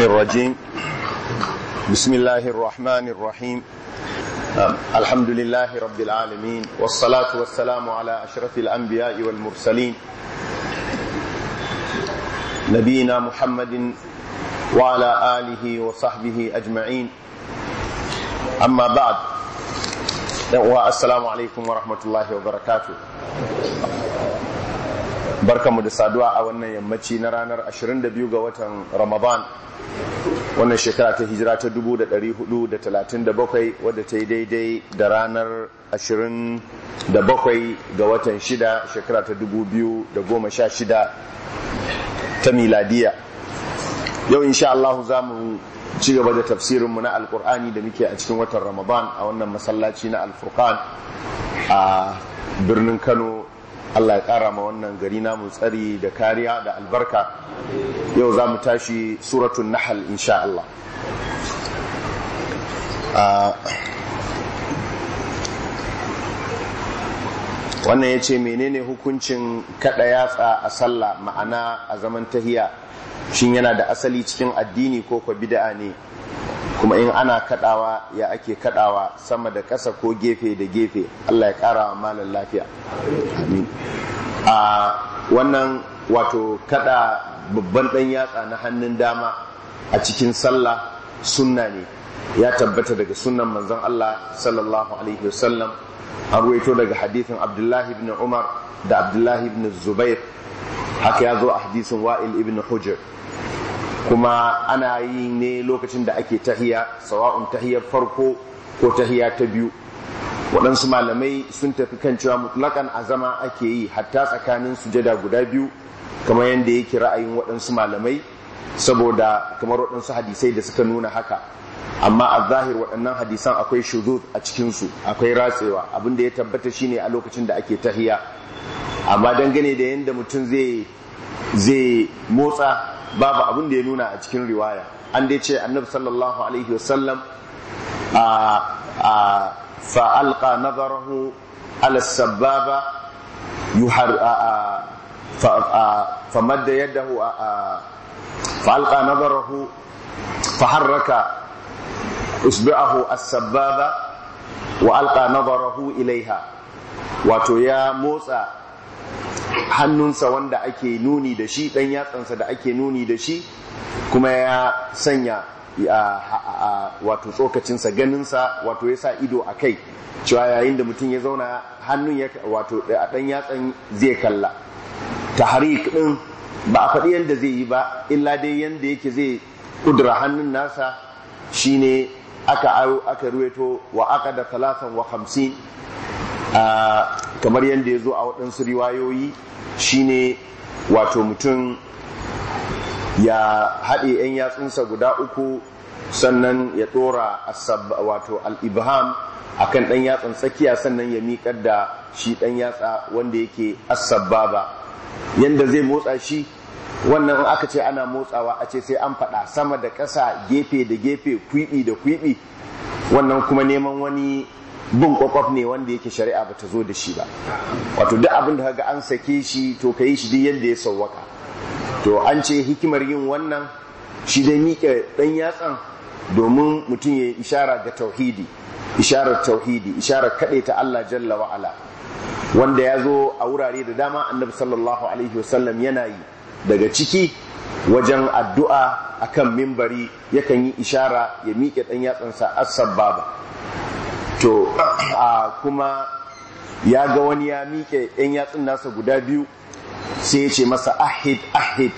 الشيطان الرجيم بسم الله الرحمن الرحيم الحمد لله رب العالمين والصلاة والسلام على أشرف الأنبياء والمرسلين نبينا محمد وعلى آله وصحبه أجمعين أما بعد السلام عليكم ورحمة الله وبركاته barkamu da saduwa a wannan yammaci na ranar 22 ga watan ramadan wannan shekara ta hijira ta 437 wadda ta yi daidai da ranar 27 ga watan 6 shekara ta 2016 ta miladiya yau insha Allah za mu ci gaba da tafsirinmu na alkur'ani da muke a cikin watan ramadan a wannan masallaci na alfurkan a birnin kano Allah ya ƙara ma wannan gari na mu tsari da kariya da albarka yau za mu tashi suratun nahal insha Allah wannan ya ce menene hukuncin kaɗa yatsa a sallah ma'ana a zaman tahiya shin yana da asali cikin addini ko kwa bida'a ne kuma in ana kadawa ya ake kadawa sama da ƙasa ko gefe da gefe Allah ya kara wa malan lafiya amin a wannan wato kada babban ɗan yatsa na hannun dama a cikin sallah sunna ne ya tabbata daga sunnan manzon Allah sallallahu alaihi wasallam an ruwaito daga hadithin Abdullahi ibn Umar da Abdullahi ibn Zubair haka ya zo a hadisin Wa'il ibn Hujr kuma ana yi ne lokacin da ake tahiya sawa'un tahiyar farko ko tahiya ta biyu waɗansu malamai sun tafi kan cewa mutlakan azama ake yi hatta tsakanin sujada guda biyu kamar yadda yake ra'ayin waɗansu malamai saboda kamar waɗansu hadisai da suka nuna haka amma a zahir waɗannan hadisan akwai shuzuz a cikinsu akwai ratsewa abin da ya tabbata shine a lokacin da ake tahiya amma dangane da yadda mutum zai motsa babu abin da ya nuna a cikin riwaya an dai ce annabi sallallahu alaihi wasallam a fa alqa nazarahu ala sababa yuhar fa madda yadahu fa alqa nazarahu fa harraka usbi'ahu as-sababa wa alqa nazarahu ilaiha wato ya motsa hannunsa wanda ake nuni da shi ɗan yatsansa da ake nuni da shi kuma ya sanya wato tsokacinsa ganinsa wato ya sa ido a kai cewa yayin da mutum ya zauna hannun ya wato ɗan yatsan zai kalla tahrik ɗin ba a faɗi yadda zai yi ba illa dai yadda yake zai kudura hannun nasa shine aka aka ruweto wa aka da talatan wa hamsin kamar yadda ya zo a waɗansu riwayoyi shine wato mutum ya haɗe 'yan yatsunsa guda uku sannan ya ɗora wato al'ibham a kan ɗan yatsan tsakiya sannan ya miƙar da shi ɗan yatsa wanda yake asababa yadda zai motsa shi wannan aka ce ana motsawa a ce sai an faɗa sama da ƙasa gefe da gefe kwiɓi da kwiɓi wannan kuma neman wani bin kwakwaf ne wanda yake shari'a ba ta zo da shi ba wato duk abin da kaga an sake shi to ka yi shi duk yadda ya sauwaka to an ce hikimar yin wannan shi dai miƙe ɗan yatsan domin mutum ya yi ishara ga tauhidi isharar tauhidi isharar kaɗe ta Allah jalla wa'ala wanda ya zo a wurare da dama annabi sallallahu alaihi wasallam yana yi daga ciki wajen addu'a akan mimbari yakan yi ishara ya miƙe ɗan yatsansa as-sabbaba to a kuma ya ga wani ya miƙe ɗan yatsun nasa guda biyu sai ya ce masa ahid ahid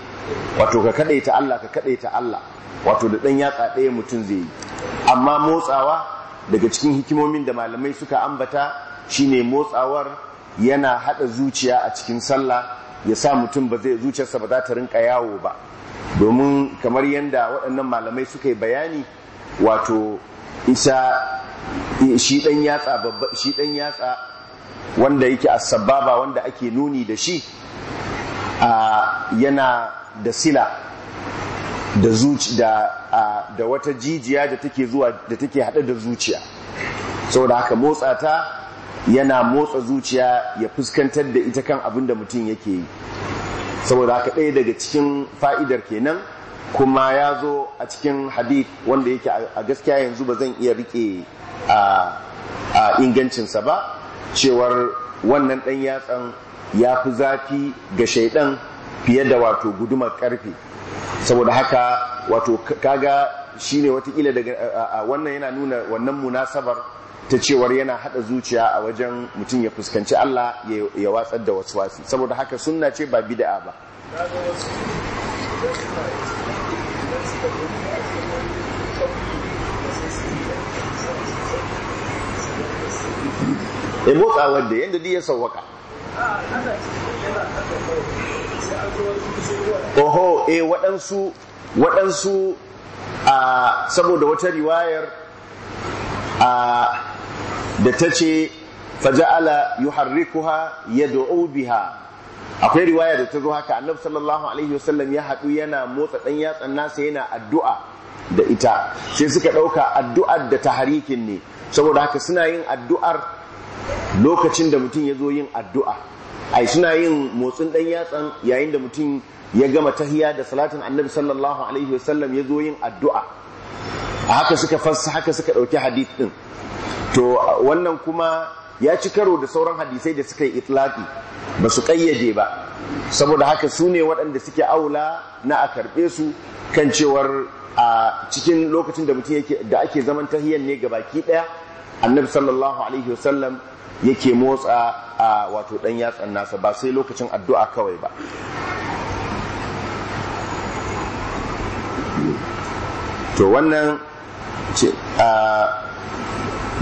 wato ka kaɗaita Allah ka kaɗaita Allah wato da ɗan yatsa ɗaya mutum zai yi amma motsawa daga cikin hikimomin da malamai suka ambata shine motsawar yana haɗa zuciya a cikin sallah ya sa mutum ba zai zuciyarsa ba za ta rinka yawo ba domin kamar yadda waɗannan malamai suka yi bayani wato isa shi dan yatsa babba shi dan yatsa wanda yake asbaba wanda ake nuni da shi a yana da sila da zuci da da wata jijiya da take zuwa da take hada da zuciya saboda haka motsa ta yana motsa zuciya ya fuskantar da ita kan abin da mutum yake yi saboda haka ɗaya daga cikin fa'idar kenan kuma ya zo a cikin hadith wanda yake a gaskiya yanzu ba zan iya rike a ingancinsa ba cewar wannan ɗan yatsan ya fi zafi ga shaidan fiye da wato gudumar karfe saboda haka wato kaga shi ne watakila daga wannan yana nuna wannan munasabar ta cewar yana hada zuciya a wajen mutum ya fuskanci Allah ya watsar da wasu wasu saboda haka sunna ce ba bid'a ba ya motsa wanda yadda duk ya sauwaka oho eh waɗansu waɗansu a saboda wata riwayar a da ta ce faja'ala yuharrikuha yad'u biha akwai riwayar da ta zo haka annabi sallallahu alaihi wasallam ya haɗu yana motsa ɗan yatsan nasa yana addu'a da ita sai suka ɗauka addu'ar da taharikin ne saboda haka suna yin addu'ar lokacin da mutum ya zo yin addu'a ai suna yin motsin ɗan yatsan yayin da mutum ya gama tahiya da salatin annabi sallallahu alaihi wasallam ya zo yin addu'a a haka suka fassa haka suka ɗauki hadith ɗin to wannan kuma ya ci karo da sauran hadisai da suka yi itlaki ba su ƙayyade ba saboda haka su ne waɗanda suke aula na a karɓe su kan cewar a cikin lokacin da ake zaman tahiyan ne gabaki ɗaya annabi sallallahu alaihi wasallam yake motsa a wato dan yatsan nasa ba sai lokacin addu'a kawai ba to wannan ce a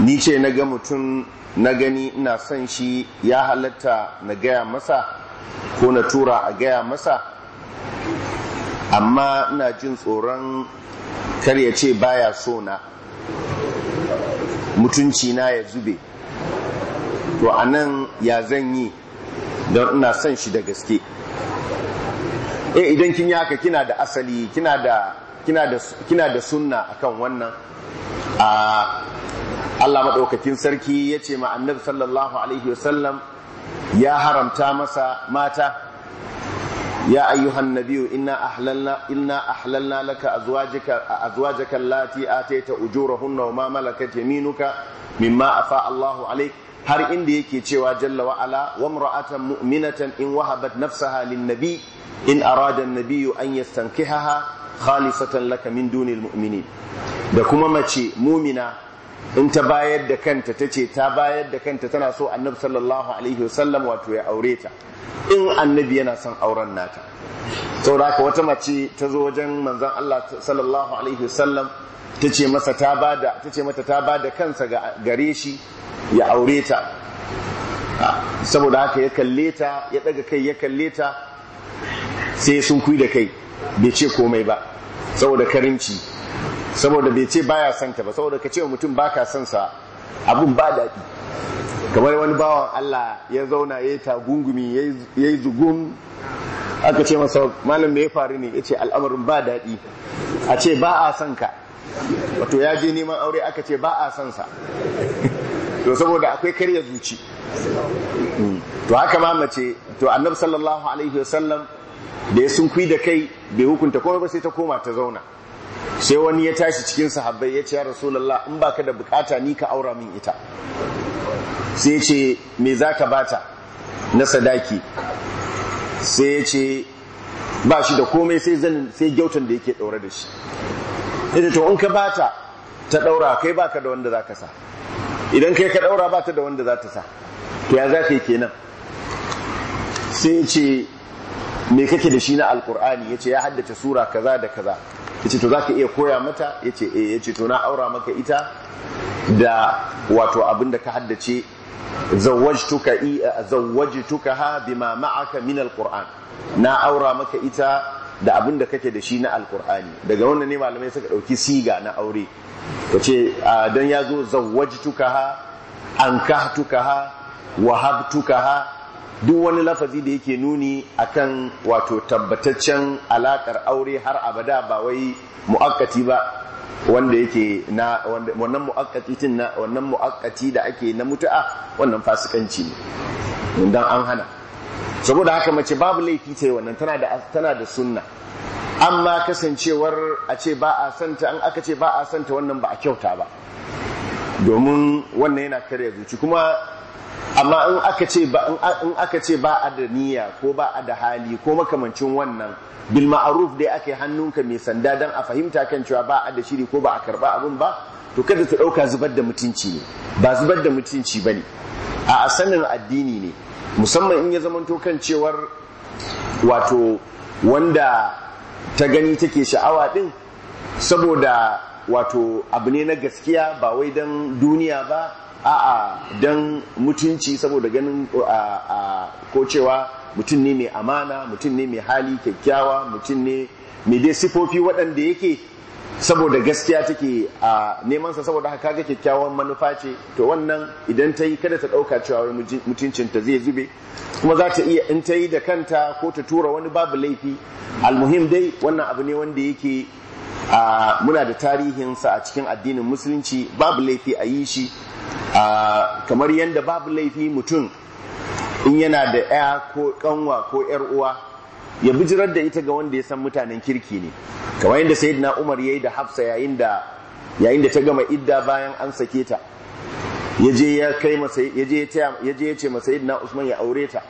ni ce na ga mutum na gani ina son shi ya halatta na gaya masa ko na tura a gaya masa amma ina jin tsoron kar ya ce baya so na mutunci na ya zube to a nan ya zan yi don ina son shi da gaske eh idan kin yi haka kina da asali kina da kina da kina sunna akan wannan a Allah madaukakin sarki ya ce ma annabi sallallahu alaihi wasallam ya haramta masa mata ya ayyuhan nabiyyu inna ahlalna inna ahlalna laka azwajaka azwajaka allati ataita ujurahunna wa ma malakat yaminuka mimma afa Allahu alayka har inda yake cewa jalla wa ala wa mura'atan mu'minatan in wahabat nafsaha lin nabi in arada an-nabiyyu an yastankihaha khalisatan laka min dunil mumini da kuma mace mumina in ta bayar da kanta ta ce ta bayar da kanta tana so annabi sallallahu alaihi wasallam wato ya aure ta in annabi yana son auren nata saboda haka wata mace ta zo wajen manzon Allah sallallahu alaihi wasallam ta ce masa ta ba ta ce mata ta kansa gare shi ya aure ta ah, saboda haka ya kalle ta ya daga kai ya kalle ta sai sun kuyi da kai bai ce komai ba saboda karinci saboda bai ce baya son ta ba saboda ka ce mutum baka son sa abun ba daɗi kamar wani bawan Allah ya zauna ya yi tagungumi ya yi zugun aka ce masa malam me ya faru ne ya ce al'amarin ba daɗi a ce ba a son ka wato ya je neman aure aka ce ba a son sa to saboda akwai karya zuci mm. to haka ma mace to annabi sallallahu alaihi wasallam da ya sunkui da kai bai hukunta komai ba sai ta koma ta zauna sai wani ya tashi cikin sahabbai ya ce ya rasulullah in baka da bukata ni ka aura min ita sai ce me zaka bata na sadaki sai ce ba shi da komai sai zanin sai gyautan da yake daure da shi ita to in ka bata ta daura kai baka da wanda zaka sa idan kai ka daura bata da wanda za ta sa to ya zaka yi kenan sai ya ce me kake da shi na alkur'ani ya ce ya haddace sura kaza da kaza ya ce to za ka iya koya mata ya ce eh ya ce to na aura maka ita da wato abin da ka haddace zawwajtuka i eh, zawwajtuka ha bima ma'aka min alkur'an na aura maka ita da abin da kake da shi na alkur'ani daga wannan ne malamai suka ɗauki siga na aure ta ce don ya zo zawwajtuka ha ankahtuka tukaha, wahab tukaha duk wani lafazi da yake nuni akan wato tabbataccen alakar aure har abada ba wai mu'akkati ba wanda yake na wannan mu'akkati tin na wannan mu'akkati da ake na mutu'a wannan fasikanci ne dan an hana saboda haka mace babu laifi ta yi wannan tana da sunna amma kasancewar a ce ba a santa an aka ce ba a santa wannan ba a kyauta ba domin wannan yana karya zuci kuma amma in aka ce ba in aka ce ba a da niyya ko ba a da hali ko makamancin wannan bil ma'ruf dai ake hannunka mai sanda dan a fahimta kan cewa ba a da shiri ko ba a karba abun ba to kada ta dauka zubar da mutunci ne ba zubar da mutunci bane a sanin addini ne musamman in ya zamanto kan cewar wato wanda ta gani take sha'awa din saboda wato abu ne na gaskiya ba wai don duniya ba a'a don mutunci saboda ganin ko cewa mutum ne mai amana mutum ne mai hali kyakkyawa mutum ne mai dai sifofi waɗanda yake saboda gaskiya take a neman sa saboda haka ga kyakkyawan manufa ce to wannan idan ta yi kada ta dauka cewa wai mutuncin ta zai zube kuma za ta iya in ta yi da kanta ko ta tura wani babu laifi almuhim dai wannan abu ne wanda yake a muna da tarihin sa a cikin addinin musulunci babu laifi a yi shi kamar yadda babu laifi mutum in yana da ya ko kanwa ko yar uwa ya bijirar da ita ga wanda ya san mutanen kirki ne kamar yadda sayyidina Umar yayi da Hafsa yayin da yayin da ta gama idda bayan an sake ta yaje ya kai masa yaje ya yaje ya ce masa sayyidina Usman ya aure ta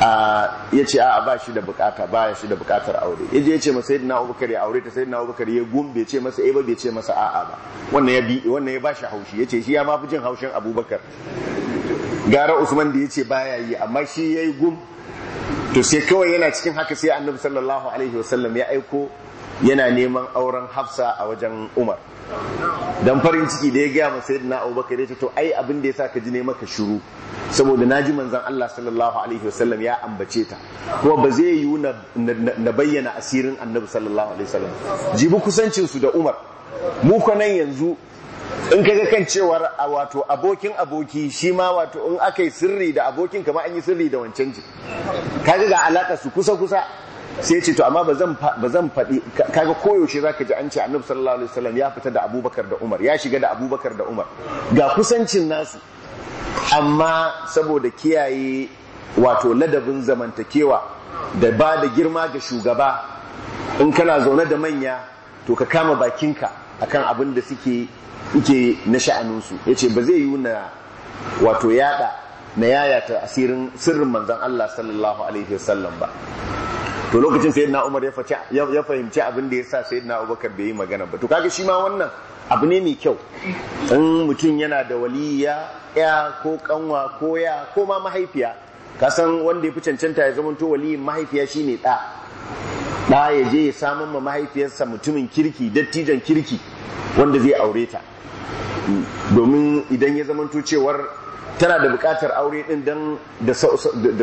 a ce a ba shi da bukata ba shi da bukatar aure yaje ya ce masa sayyidina Abubakar ya aure ta sayyidina Abubakar ya gumbe ce masa eh ba bai ce masa a'a ba wannan ya bi wannan ya bashi haushi yace shi ya ma fi jin haushin Abubakar gara Usman da yace baya yi amma shi yayi gum to sai kawai yana cikin haka sai annabi sallallahu alaihi wasallam ya aiko yana neman auren hafsa a wajen umar dan farin ciki da ya gaya ma sayyidina abubakar ya ce to ai abin da ya sa ka ji ne maka shiru saboda ji manzon Allah sallallahu alaihi wasallam ya ambace ta kuma ba zai yiwu na bayyana asirin annabi sallallahu alaihi wasallam jibi kusancin su da umar mu nan yanzu in ka ga kan cewar a wato abokin aboki shi ma wato in aka yi sirri da abokin kama an yi sirri da wancan ji kaga ga alaka su kusa kusa sai ce to amma ba zan faɗi kaga koyaushe za ka ji an ce annabi sallallahu alaihi wasallam ya fita da abubakar da umar ya shiga da abubakar da umar ga kusancin nasu amma saboda kiyaye wato ladabin zamantakewa da ba da girma ga shugaba in kana zaune da manya to ka kama bakinka akan abin da suke ke na sha'aninsu ya ce ba zai yi na wato yada na ta asirin sirrin manzan Allah sallallahu alaihi wasallam ba to lokacin na Umar ya fahimci abin da yasa sayyidina Abubakar bai yi magana ba to kaga shi ma wannan abu ne mai kyau in mutum yana da waliya ya ko kanwa ko ya ko ma mahaifiya ka san wanda ya fi cancanta ya zama to waliyin mahaifiya shine ɗa ɗa ya je ya samun ma mahaifiyarsa mutumin kirki dattijan kirki wanda zai aure ta domin idan ya zamanto cewar tana da bukatar aure din dan da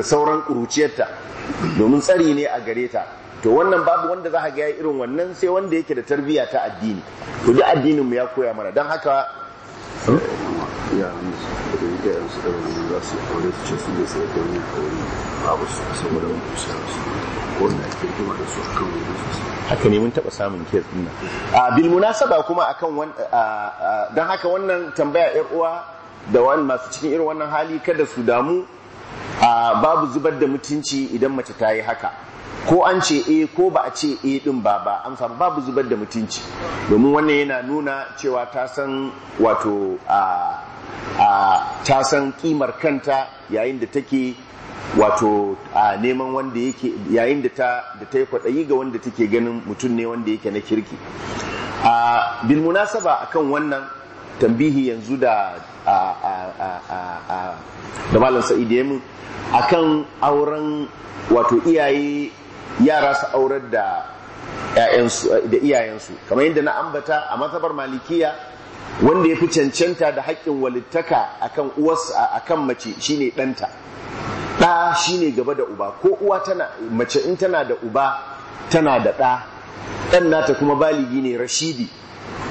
sauran kuruciyarta domin tsari ne a gare ta to wannan babu wanda za a ga irin wannan sai wanda yake da tarbiyya ta addini to duk addinin mu ya koya mana dan haka yaran haka ne mun taɓa samun kes din nan a bil munasaba kuma akan don haka wannan tambaya yar uwa da wani masu cikin irin wannan hali kada su damu babu zubar da mutunci idan mace ta yi haka ko an ce e ko ba a ce e din ba ba amsa babu zubar da mutunci domin wannan yana nuna cewa ta san wato a ta san kimar kanta yayin da take wato a neman wanda yake yayin da ta da ta yi kwaɗayi ga wanda take ganin mutum ne wanda yake na kirki a bil munasaba akan wannan tambihi yanzu da da malam sa'id yamin akan auren wato iyaye yara su aurar da iyayensu kamar yadda na ambata a matsabar malikiya wanda ya fi cancanta da haƙƙin walittaka akan uwarsa akan mace shine ɗanta ɗa shine gaba da uba ko uwa tana mace in tana da uba tana da ɗa ɗan nata kuma baligi ne rashidi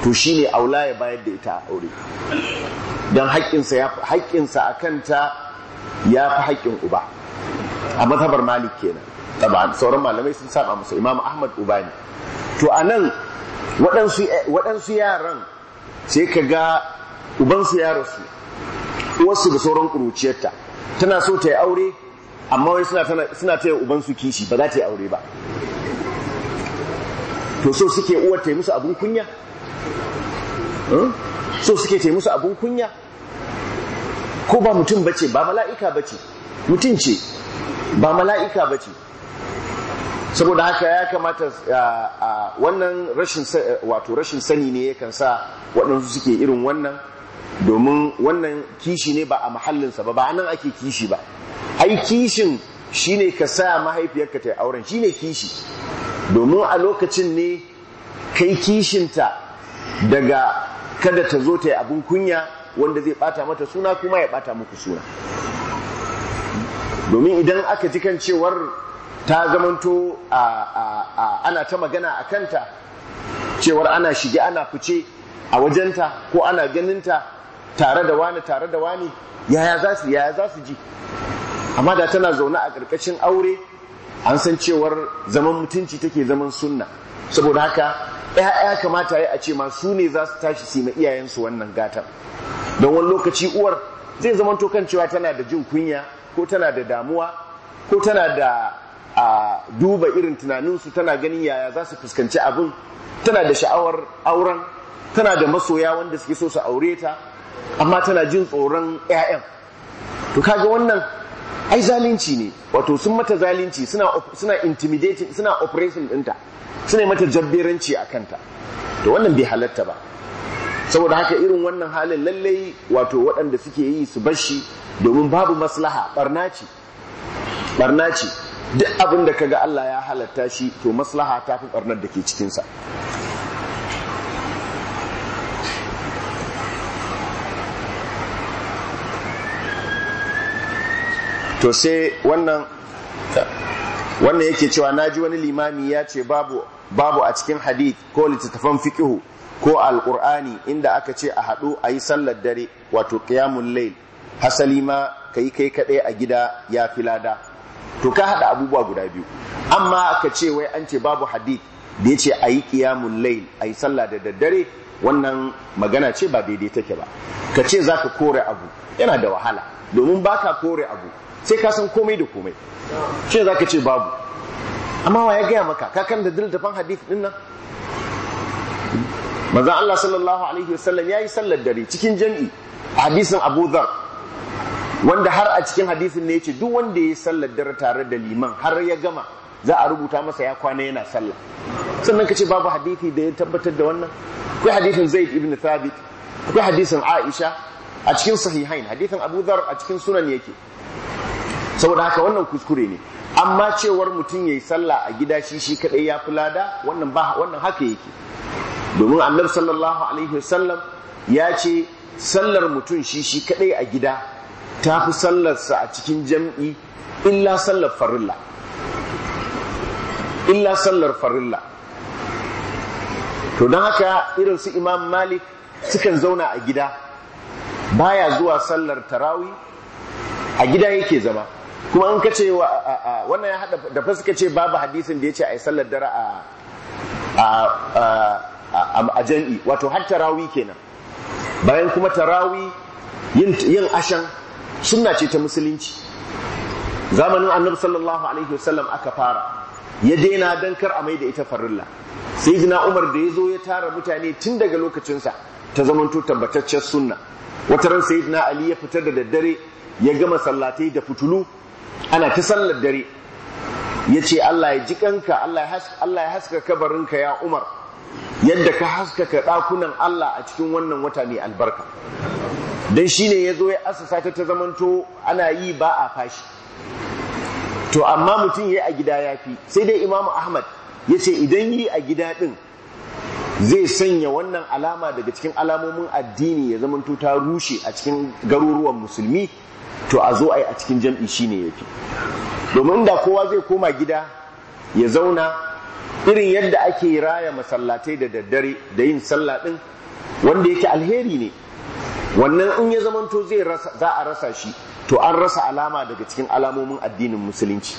to shine aula ya bayar da ita a aure don haƙƙinsa a kanta ya fi haƙƙin uba a mazhabar malik kenan sauran malamai sun saba musu imam ahmad uba ne to a nan waɗansu yaran sai ka ga su ya rasu wasu da sauran ƙuruciyarta tana so ta yi aure amma wai suna taya ubansu kishi ba za ta yi aure ba to so suke uwar ta yi musu abin kunya hmm? so suke ta yi musu abin kunya ko ba mutum ce ba mala'ika ce mutum ce ba mala'ika bace saboda haka ya kamata wannan rashin wato rashin sani ne yakan sa waɗansu suke irin wannan domin wannan kishi ne ba a mahallinsa ba ba nan ake kishi ba ai kishin shine ka sa mahaifiyarka ta auren shine kishi domin a lokacin ne kai kishinta daga kada ta zo ta yi abin kunya wanda zai bata mata suna kuma ya bata muku suna domin idan aka ji kan cewar ta zamanto ana ta magana a kanta cewar ana shige ana fice a wajenta ko ana ganinta tare da wani tare da wani yaya za su yaya za su ji amma da tana zaune a ƙarƙashin aure an san cewar zaman mutunci take zaman sunna saboda haka ‘ya'ya kamata ya a ce ma su ne za su tashi su ma iyayensu wannan gatar don wani lokaci uwar zai zamanto kan cewa tana da jin kunya ko tana da damuwa ko tana da a duba irin tunaninsu tana ganin yaya za su fuskanci abin tana da sha'awar auren tana da masoya wanda suke so su aure ta amma tana jin tsoron 'ya'yan to kaga wannan ai zalunci ne wato sun mata zalunci suna suna intimidating suna operation dinta suna mata jabberanci a kanta to wannan bai halatta ba saboda haka irin wannan halin lallai wato waɗanda suke yi su bashi domin babu maslaha barna ce barna ce duk abin da kaga Allah ya halatta shi to maslaha ta fi barnar da ke cikinsa to sai wannan wannan yake cewa na ji wani limami ya ce babu a cikin hadith ko littattafan fiqhu ko alqur'ani inda aka ce a haɗu a yi sallar dare wato qiyamul layl hasali ma kai kai kaɗai a gida ya fi lada to ka hada abubuwa guda biyu amma ka ce wai an ce babu hadith da ya ce a yi kiyamun lail a yi sallah da daddare wannan magana ce ba daidai take ba ka ce za ka kore abu yana da wahala domin ba ka kore abu sai ka san komai da komai ce za ka ce babu amma wa ya gaya maka kakan da diltafan hadith din nan Maza Allah sallallahu alaihi wasallam ya yi sallar dare cikin a hadisin Abu Dhar wanda har a cikin hadisin ne yace duk wanda ya sallar dare tare da liman har ya gama za a rubuta masa ya kwana yana sallah sannan kace babu hadisi da ya tabbatar da wannan akwai hadisin Zaid ibn Thabit akwai hadisin Aisha a cikin sahihain hadisin Abu Dhar a cikin sunan yake saboda haka wannan kuskure ne amma cewar mutum yayi sallah a gida shi shi kadai ya fi lada wannan ba wannan haka yake domin Annabi sallallahu alaihi wasallam ya ce sallar mutum shi shi kadai a gida ta fi sallarsa a cikin jam'i illa sallar farilla illa sallar farilla to don haka irin su imam malik sukan zauna a gida baya zuwa sallar tarawi a gida yake zama kuma an kace wa wannan ya hada da fa suka ce babu hadisin da yace ai sallar dara a a a a jami'i wato har tarawi kenan bayan kuma tarawi yin yin ashan sunna ce ta musulunci zamanin annabi sallallahu alaihi wasallam aka fara ya daina dan kar a mai da ita farilla sai umar da ya zo ya tara mutane tun daga lokacinsa ta zamanto tabbataccen sunna wata ran sai ali ya fitar da daddare ya gama sallatai da fitulu ana ta sallar dare ya ce Allah ya ji kanka Allah ya haska kabarinka ya umar yadda ka haskaka ɗakunan Allah a cikin wannan wata mai albarka don shi ne ya zo ya asasa ta ta zamanto ana yi ba a fashi to amma mutum ya yi a gida ya fi sai dai imamu ahmad ya ce idan yi a gida din zai sanya wannan alama daga cikin alamomin addini ya zamanto ta rushe a cikin garuruwan musulmi to a zo a yi a cikin jam'i shi ne ya fi domin da kowa zai koma gida ya zauna irin yadda ake raya masallatai da daddare da yin sallah ɗin wanda yake alheri ne wannan in ya zamanto zai za a rasa shi to an rasa alama daga cikin alamomin addinin musulunci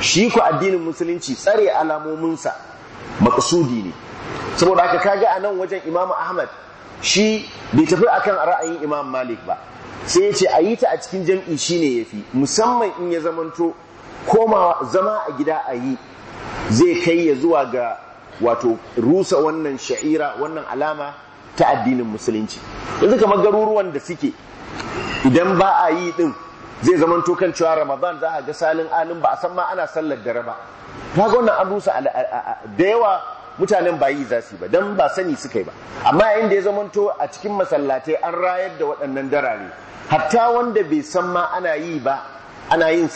shi ku addinin musulunci tsare alamominsa maƙasudi ne saboda haka kage a nan wajen imamu ahmad shi bai tafi akan ra'ayin imam malik ba sai ya ce a yi ta a cikin jam'i shine yafi musamman in ya zamanto komawa zama a gida a yi zai kai ya zuwa ga wato rusa wannan sha'ira wannan alama ta addinin musulunci yanzu kamar garuruwan da suke idan ba a yi din zai zaman tokan kan cewa ramadan za a ga salin alin ba a san ma ana sallar dare ba ta ga wannan an rusa da yawa mutanen ba yi za ba dan ba sani suka yi ba amma yayin da ya zaman to a cikin masallatai an rayar da waɗannan darare hatta wanda bai san ma ana yi ba ana yin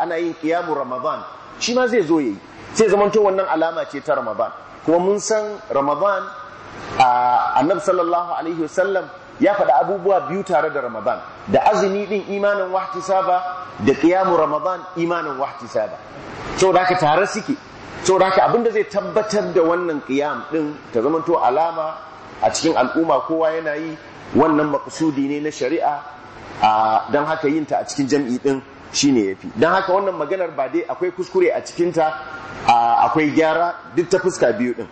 ana yin ramadan shi ma zai zo yayi sai zaman to wannan alama ce ta ramadan kuma mun san ramadan annabi sallallahu alaihi wasallam ya faɗi abubuwa biyu tare da ramadan da azumi din imanin saba da qiyamu ramadan imanin wahtisaba saboda haka tare suke saboda haka abinda zai tabbatar da wannan qiyam din ta zamanto alama a cikin al'umma kowa yana yi wannan maqsudi ne na shari'a dan haka yin ta a cikin jam'i din shine yafi dan haka wannan maganar ba dai akwai kuskure a cikinta akwai gyara duk ta fuska biyu din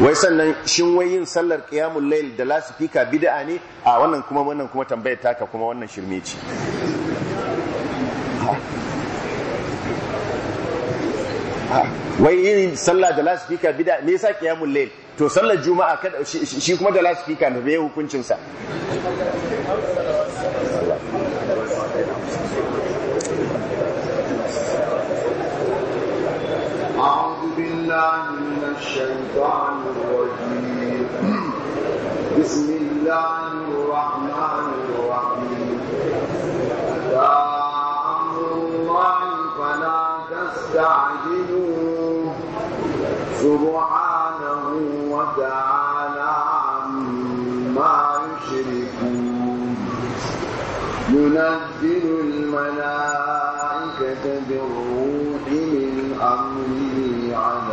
wai sannan shin wai yin sallar qiyamul layl da lasifika bid'a ne a wannan kuma wannan kuma tambayar taka kuma wannan shirme ce wai yin sallah da lasifika bid'a ne sa qiyamul layl to sallar juma'a kada shi kuma da lasifika ne bai hukuncin sa الشيطان الرجيم بسم الله الرحمن الرحيم أتى أمر الله فلا تستعجلوا سبحانه وتعالى عما يشركون ينزل الملائكة بالروح من أمره على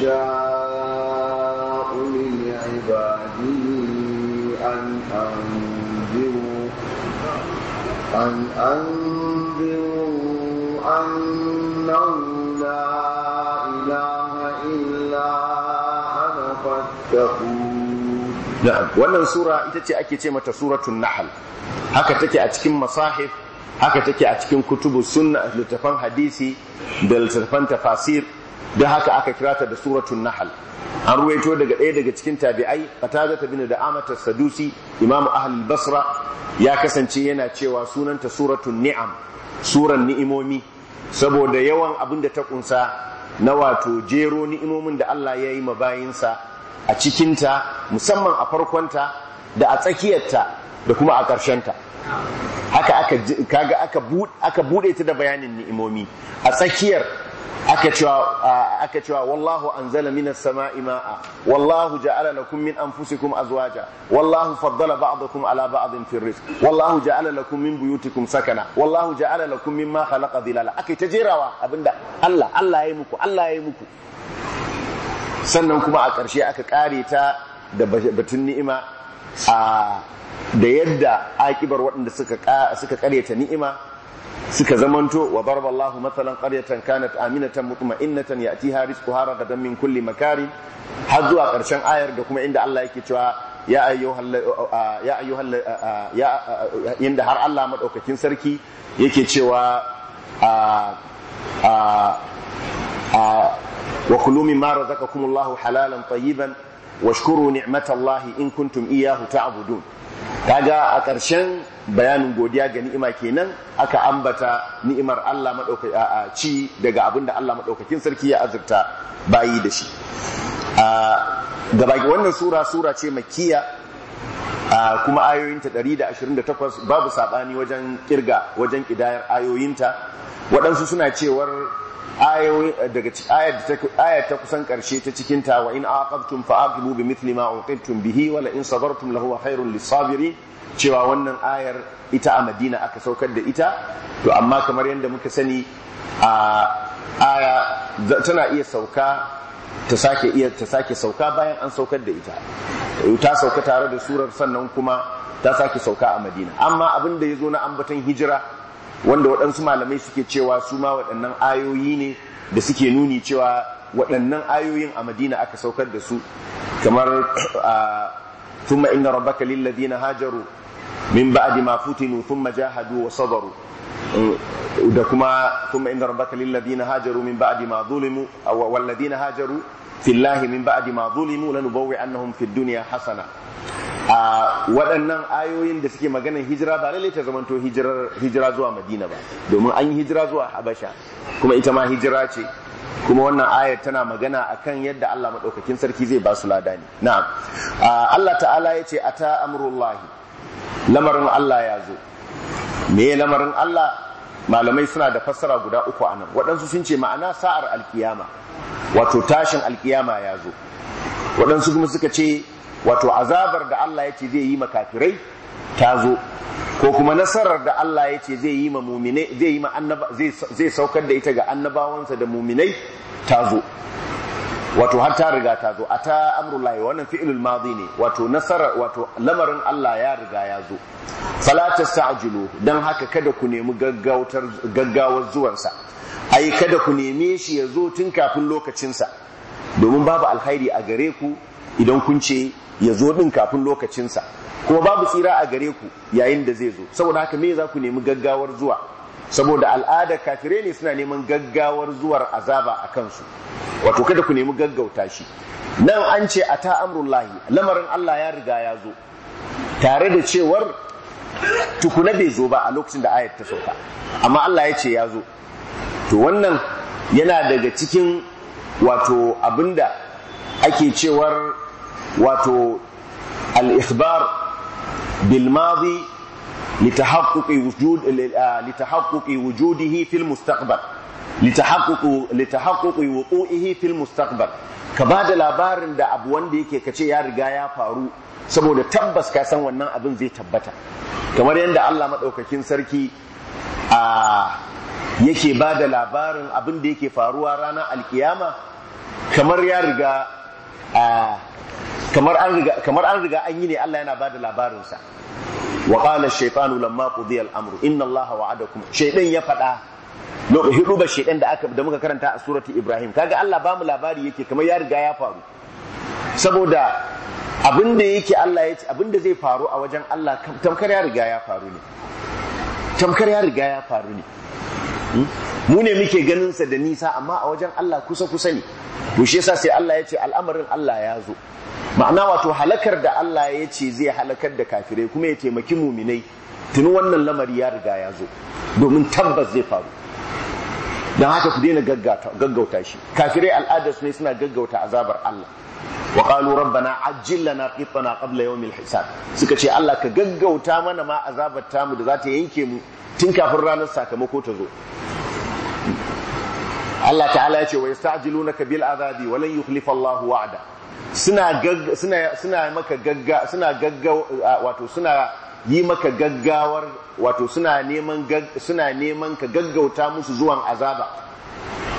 يشاء من عباده أن أنذروا أن أنذروا أنه لا إله إلا أنا فاتقون نعم wannan sura ita ce ake ce mata suratun nahl haka take a cikin masahif haka take a cikin kutubu sunna littafan hadisi da littafan tafasir don haka aka kira ta da suratun nahal an ruwaito daga ɗaya daga cikin tabi'ai zata bin da amata sadusi imamu ahal basra ya kasance yana cewa sunanta suratun ni'am suran ni'imomi saboda yawan abin da ta kunsa na wato jero ni'imomin da Allah ya yi ma mabayinsa a cikinta musamman a farkonta da a tsakiyarta da kuma a ƙarshenta haka aka kaga aka bude ta da bayanin ni'imomi a tsakiyar aka cewa wallahu anzala minas sama'i ma'a wallahu ja'ala lakum min anfusikum azwaja wallahu faddala ba'dakum ala ba'din fi rizq wallahu ja'ala lakum min buyutikum sakana wallahu ja'ala lakum mimma khalaqa dhilala aka ta jerawa abinda Allah Allah yayi muku Allah yayi muku sannan kuma a ƙarshe aka kare ta da batun ni'ima a da yadda akibar waɗanda suka suka ni'ima suka zamanto wa barba Allahu matsalan qaryatan kanat aminatan mutma'innatan ya'tiha hara da min kulli makari har zuwa karshen ayar da kuma inda Allah yake cewa ya halla ya halla ya inda har Allah madaukakin sarki yake cewa wa kulu mimma razaqakumullahu halalan tayyiban washkuru ni'matallahi in kuntum iyyahu ta'budun kaga a ƙarshen bayanin godiya ga ni'ima kenan aka ambata ni'imar Allah madaukaki a ci daga abin da Allah madaukakin sarki ya azurta bayi da shi a gabaki wannan sura sura ce makkiya kuma ayoyinta 128 babu saɓani wajen kirga wajen ƙidayar ayoyinta waɗansu suna cewar ayoyi eh, ayar ta kusan karshe ta cikin ta wa in aqabtum fa aqibu bi mithli ma bihi wa la in sabartum lahu hairun lisabirin cewa wannan ayar ita a Madina aka saukar da ita to amma kamar yadda muka sani a aya tana iya sauka ta sake iya ta sake sauka bayan an saukar da ita ta sauka tare da surar sannan kuma ta sake sauka a Madina amma abin da ya zo na ambaton hijira wanda waɗansu malamai suke cewa su ma waɗannan ayoyi ne da suke nuni cewa waɗannan ayoyin a madina aka saukar da su kamar a thumma inna rabbaka lilladhina hajaru min ba'di ma futinu thumma jahadu wa sabaru da kuma thumma inna rabbaka lilladhina hajaru min ba'di ma zulimu walladhina hajaru fillahi min ba'di ma zulimu lanubawwi'annahum fid dunya hasana a waɗannan ayoyin da suke maganar hijira ba lallai ta zamanto hijira zuwa madina ba domin an yi hijira zuwa habasha kuma ita ma hijira ce kuma wannan ayar tana magana akan yadda Allah maɗaukakin sarki zai ba su lada ne na'am ah, Allah ta'ala ya ce ata Amurullahi, lamarin Allah ya zo me lamarin Allah malamai suna da fassara guda uku a nan waɗansu sun ce ma'ana sa'ar alkiyama wato tashin alkiyama ya zo waɗansu kuma suka ce wato azabar da Allah ya ce zai yi makafirai ta zo ko kuma nasarar da Allah ya ce zai yi ma muminai zai yi ma annaba zai saukar da ita ga annabawansa da muminai ta zo wato har ta riga ta zo ata amrullahi wannan fi'ilul madi ne wato nasarar wato lamarin Allah ya riga ya zo fala tastajilu dan haka kada ku nemi gaggawar zuwansa ai kada ku neme shi ya zo tun kafin lokacinsa domin babu alkhairi a gare ku idan kun ce ya zo din kafin lokacinsa kuma babu tsira a gare ku yayin da zai zo saboda haka me za ku nemi gaggawar zuwa saboda al'ada kafire ne suna neman gaggawar zuwar azaba a kansu wato kada ku nemi gaggauta shi nan an ce a ta amrullahi lamarin Allah ya riga ya zo tare da cewar tukuna bai zo ba a lokacin da ayat ta sauka amma Allah ya ce ya zo to wannan yana daga cikin wato abinda ake cewar wato al-ikhbar bil madi لتحقق وجوده Mustaqbar, المستقبل لتحقق لتحقق وقوعه ka ba da labarin da abu wanda yake kace ya riga ya faru saboda tabbas ka san wannan abin zai tabbata kamar yadda Allah maɗaukakin sarki a ah, yake ba da labarin abin da yake faruwa ranar alkiyama kamar ya riga kamar an riga an yi ne Allah yana ba da labarinsa wa qala ash-shaytanu lamma qudiya al-amru inna Allaha wa'adakum shaytan ya faɗa n'o ruba shaytan da aka da muka karanta a surati Ibrahim kaga Allah ba mu labari yake kamar ya riga ya faru saboda abin da yake Allah ya ce abin da zai faru a wajen Allah tamkar ya riga ya faru ne tamkar ya riga ya faru ne mu ne muke ganin sa da nisa amma a wajen Allah kusa kusa ne to shi yasa sai Allah ya ce al'amarin Allah ya zo ma'ana wato halakar da Allah ya ce zai halakar da kafirai kuma ya taimaki muminai tuni wannan lamari ya riga ya zo domin tabbas zai faru dan haka ku daina gaggauta shi kafirai su ne suna gaggauta azabar Allah wa qalu rabbana ajjil lana qitana qabla yawmil hisab suka ce Allah ka gaggauta mana ma azabar tamu da za ta yanke mu tun kafin ranar sakamako ta zo Allah ta'ala ya ce wa yasta'jilunaka bil azabi wa lan yukhlifa Allah wa'da suna suna suna maka gagga suna gagga wato suna yi maka gaggawar wato suna neman suna neman ka gaggauta musu zuwan azaba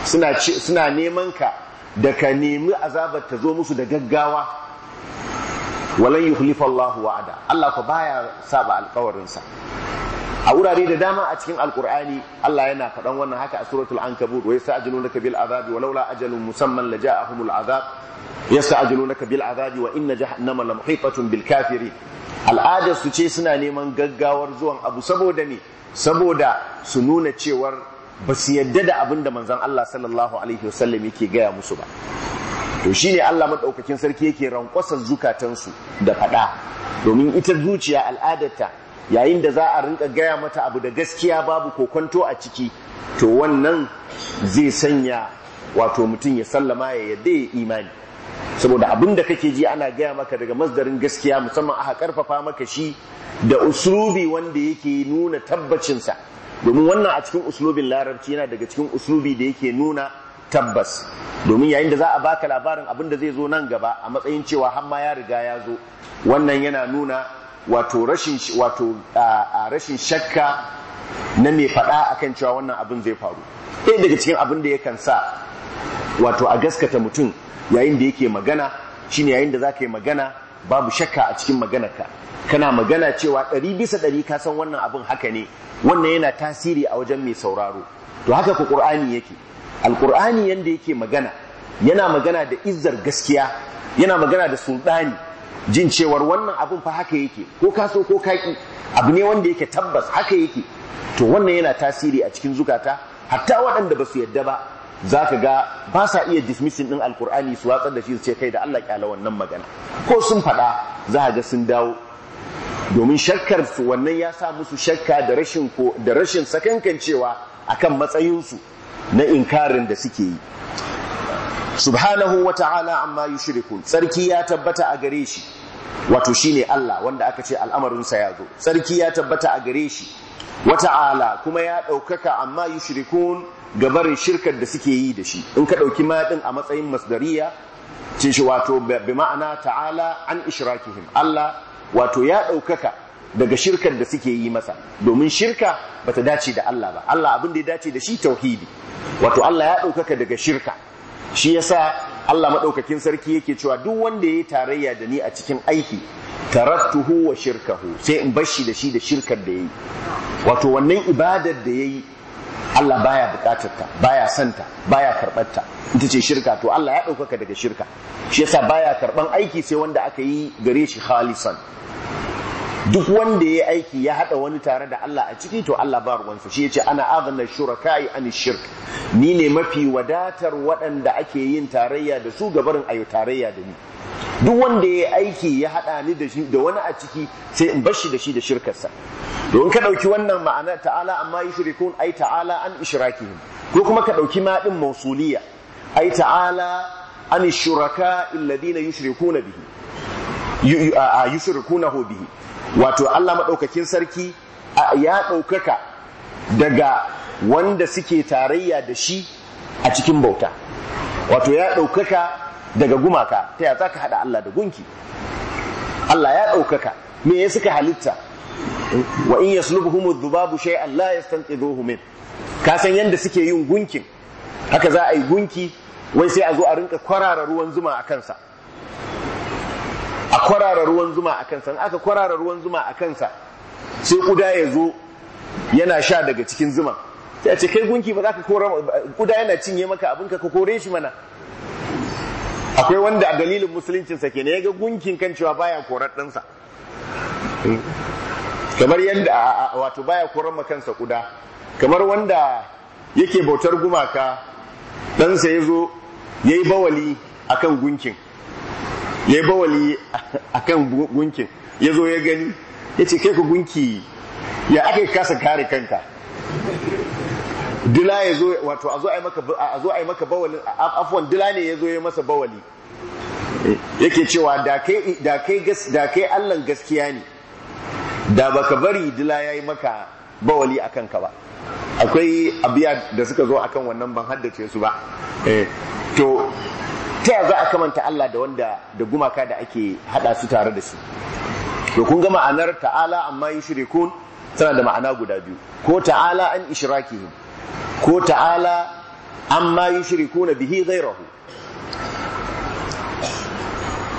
suna suna neman ka da ka nemi azabar ta zo musu da gaggawa lan yukhlifa Allah wa'da Allah ko baya saba sa. a wurare da dama a cikin alkur'ani Allah yana faɗan wannan haka a suratul ankabut wa yasta'jilunaka bil azabi wa laula ajalun musamman laja'ahumul azab yasta'jilunaka bil azabi wa inna jahannama lamuhitatun bil kafirin al'adar su ce suna neman gaggawar zuwan abu saboda ne saboda su nuna cewar ba su yadda da abin da manzon Allah sallallahu alaihi wasallam yake gaya musu ba to shine Allah madaukakin sarki yake rankwasa zukatansu da faɗa domin ita zuciya al'adarta yayin da za a rinka gaya mata abu da gaskiya babu kokonto a ciki to wannan zai sanya wato mutum ya sallama ya yadda ya imani saboda abin da kake ji ana gaya maka daga masdarin gaskiya musamman aka karfafa maka shi da uslubi wanda yake nuna tabbacinsa domin wannan a cikin uslubin larabci yana daga cikin uslubi da yake nuna tabbas domin yayin da za a baka labarin abin da zai zo nan gaba a matsayin cewa hamma ya riga ya zo wannan yana nuna wato rashin shakka na mai faɗa akan cewa wannan abin zai faru ɗaya daga cikin abin da yakan sa wato a gaskata mutum yayin da yake magana shine yayin da zaka yi magana babu shakka a cikin maganarka kana magana cewa ɗari bisa ɗari ka san wannan abin haka ne wannan yana tasiri a wajen mai sauraro to haka ku ƙur'ani yake alƙur'ani yanda yake magana yana magana da izzar gaskiya yana magana da sultani jin cewar wannan abun fa haka yake ko ka so ko kaki abu ne wanda yake tabbas haka yake to wannan yana tasiri a cikin zukata hatta waɗanda ba su yadda ba za ka ga ba sa iya dismissing ɗin alkur'ani su watsar da shi su ce kai da Allah kyala wannan magana ko sun faɗa za ka ga sun dawo domin shakkar su wannan ya sa musu shakka da rashin ko da rashin sakankancewa akan matsayinsu na inkarin da suke yi subhanahu wa ta'ala amma yushrikun sarki ya tabbata a gare shi wato shi ne Allah wanda aka ce al'amarin sa ya zo sarki ya tabbata a gare shi wata ala kuma ya ɗaukaka amma yushrikun gabarin shirkar da suke yi da shi in ka ɗauki maɗin a matsayin masdariya ce shi wato bi ma'ana ta'ala an ishrakihim Allah wato ya ɗaukaka daga shirkar da suke yi masa domin shirka bata dace da Allah ba Allah abin da ya dace da shi tauhidi wato Allah ya ɗaukaka daga shirka shi yasa Allah maɗaukakin sarki yake cewa duk wanda ya yi tarayya da ni a cikin aiki taraktuhu wa shirkahu sai in bashi da shi da shirkar da yayi wato wannan ibadar da yayi Allah baya bukatar ta baya santa baya karɓar ta ita ce shirka to Allah ya ɗaukaka daga shirka shi yasa baya karɓan aiki sai wanda aka yi gare shi khalisan duk wanda ya aiki ya hada wani tare da Allah a ciki to Allah ba ruwansa shi yace ana adana shuraka'i an shirk ni ne mafi wadatar waɗanda ake yin tarayya da su gabarin ayu tarayya da ni duk wanda ya aiki ya hada ni da shi da wani a ciki sai in bar shi da shi da shirkarsa in ka dauki wannan ma'ana ta'ala amma yushrikun ai ta'ala an ishrakihim ko kuma ka dauki ma din mausuliya ai ta'ala an shuraka'i alladhina yushrikuna bihi yushrikunahu bihi wato Allah maɗaukakin sarki ya ɗaukaka daga wanda suke tarayya da shi a cikin bauta wato ya ɗaukaka daga gumaka ta ya ka haɗa Allah da gunki Allah ya ɗaukaka me ya suka halitta wa in dubabu shai, Allah ya la yastanqidhuhu min ka san yadda suke yin gunkin haka za a yi gunki wai sai a zo a rinka kwarara ruwan zuma a kansa a kwarara ruwan zuma a kansa in aka kwarara ruwan zuma a kansa sai kuda ya zo yana sha daga cikin zuma sai a ce kai gunki ba za ka kora kuda yana cinye maka abin ka kore shi mana akwai wanda a dalilin musuluncinsa kenan ya ga gunkin kan cewa baya korar ɗansa kamar yadda wato baya korar kansa kuda kamar wanda yake bautar gumaka ɗansa ya zo ya yi bawali akan gunkin ya yi bawali a kan gunkin ya zo ya gani ya ce kai ku gunki ya aka yi kasa kare kanka dila ya zo wato a zo a yi maka bawalin afwan dila ne ya zo ya masa bawali yake cewa da kai allan gaskiya ne da baka bari dila ya yi maka bawali a kanka ba akwai abiya da suka zo akan wannan ban haddace su ba eh, to ta ya za a kamanta Allah da wanda da gumaka da ake hada su tare da su to kun ga ma'anar ta'ala amma yushrikun tana da ma'ana guda biyu ko ta'ala an ishrakihim ko ta'ala amma yushrikuna bihi rahu.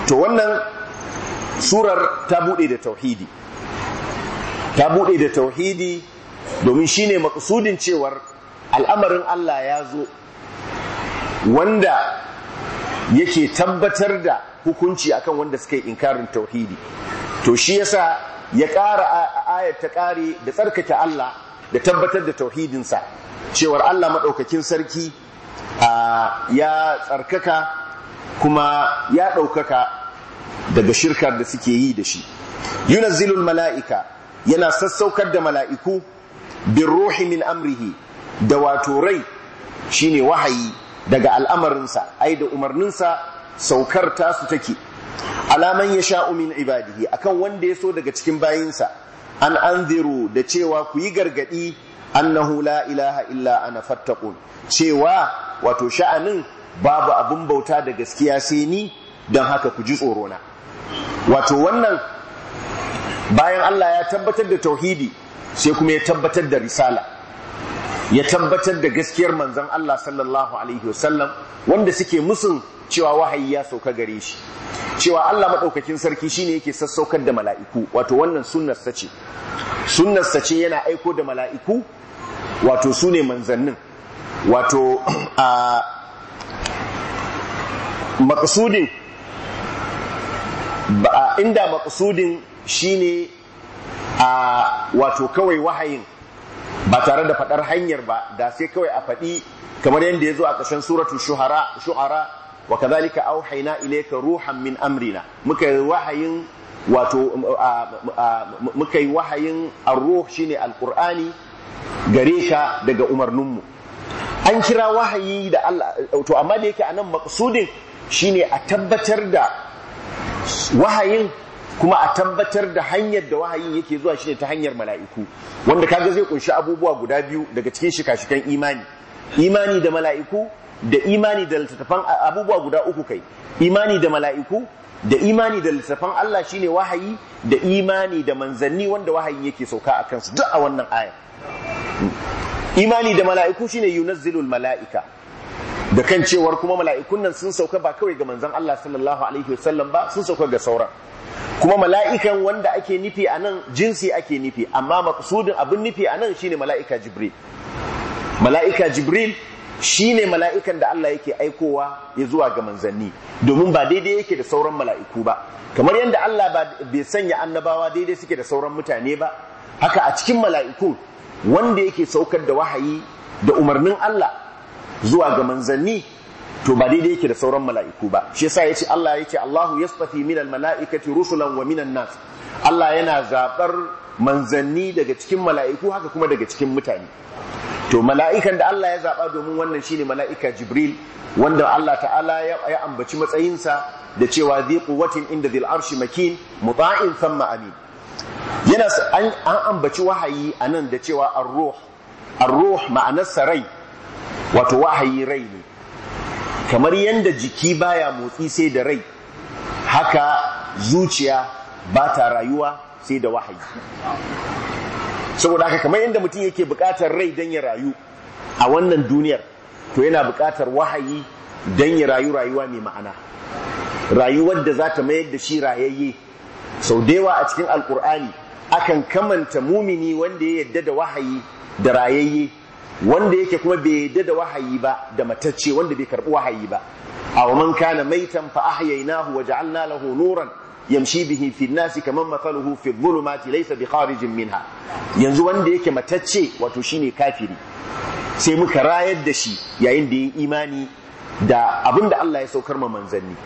to wannan surar ta bude da tauhidi ta bude da tauhidi domin shine maksudin cewar al'amarin Allah ya zo wanda yake tabbatar da hukunci akan wanda suka yi inkarin tauhidi to shi yasa ya ƙara ayat ta ƙare da tsarkake Allah da tabbatar da tauhidinsa cewar Allah maɗaukakin sarki ya tsarkaka kuma ya ɗaukaka daga shirkar da suke yi da shi yunazzilul mala'ika yana sassaukar da mala'iku bin ruhi min amrihi da wato rai shine wahayi daga al'amarinsa ai da umarninsa saukar tasu take alaman ya sha'u min ibadihi akan wanda ya so daga cikin bayinsa an anziru da cewa ku yi gargadi annahu la ilaha illa ana fattaqun cewa wato sha'anin babu abin bauta da gaskiya sai ni don haka ku ji tsoro na wato wannan bayan Allah ya tabbatar da tauhidi sai kuma ya tabbatar da risala ya tabbatar da gaskiyar manzan Allah sallallahu alaihi wasallam wanda suke musun cewa wahayi ya sauka gare shi cewa Allah maɗaukakin sarki shine yake sassaukar da mala'iku wato wannan sunar sace sunar sace yana aiko da mala'iku wato su ne manzannin wato a maqsudin inda maqsudin shine a wato kawai wahayin ba tare da faɗar hanyar ba da sai kawai a faɗi kamar yadda ya zo a ƙarshen suratu shuhara shu'ara wa kadhalika auhayna ilayka ruhan min amrina muka yi wahayin wato muka yi wahayin ar-ruh gare ka daga umarninmu an kira wahayi da Allah to amma da yake anan maqsudin shine a tabbatar da wahayin kuma a tabbatar da hanyar da wahayin yake zuwa shi ne ta hanyar mala'iku wanda kaga zai kunshi abubuwa guda biyu daga cikin shika-shikan imani imani da mala'iku da imani da littattafan abubuwa guda uku kai imani da mala'iku da imani da littattafan Allah shine wahayi da imani da manzanni wanda wahayin yake sauka a kansu duk a wannan aya imani da mala'iku shine yunazzilul mala'ika da kan cewar kuma mala'ikun nan sun sauka ba kawai ga manzon Allah sallallahu alaihi wasallam ba sun sauka ga sauran kuma mala'ikan wanda ake nufi a nan jinsi ake nufi amma maksudin abin nufi a nan shine mala'ika jibril mala'ika jibril shine mala'ikan da Allah yake aikowa ya zuwa ga manzanni domin ba daidai yake da sauran mala'iku ba kamar yadda Allah bai sanya annabawa daidai suke da sauran mutane ba haka a cikin mala'iku wanda yake saukar da wahayi da umarnin Allah zuwa ga manzanni to ba daidai yake da sauran mala'iku ba shi yasa yace Allah yake Allahu yastafi min mala'ikati rusulan wa minan nas Allah yana zabar manzanni daga cikin mala'iku haka kuma daga cikin mutane to mala'ikan da Allah ya zaba domin wannan shine mala'ika Jibril wanda Allah ta'ala ya ambaci matsayinsa da cewa zai quwwatin inda dhil arshi makin muta'in thumma amin yana an ambaci wahayi anan da cewa ar-ruh ar-ruh ma'anar sarai wato wahayi rai ne kamar yadda jiki baya motsi sai da rai haka zuciya ba ta rayuwa sai da wahayi saboda haka kamar yadda mutum yake bukatar rai don ya rayu a wannan duniyar to yana buƙatar wahayi don ya rayu rayuwa mai ma'ana rayuwar da za ta mayar da shi rayayye sau da a cikin alkur'ani akan kamanta mumini wanda ya yadda da wahayi da rayayye wanda yake kuma bai yadda da wahayi ba da matacce wanda bai karbi wahayi ba A man kana maitan fa ahyaynahu wa ja'alna lahu nuran yamshi bihi fi an-nas kaman mathaluhu fi adh-dhulumati laysa bi kharijin minha yanzu wanda yake matacce wato shine kafiri sai muka rayar da shi yayin da yin imani da da Allah ya saukar ma manzanni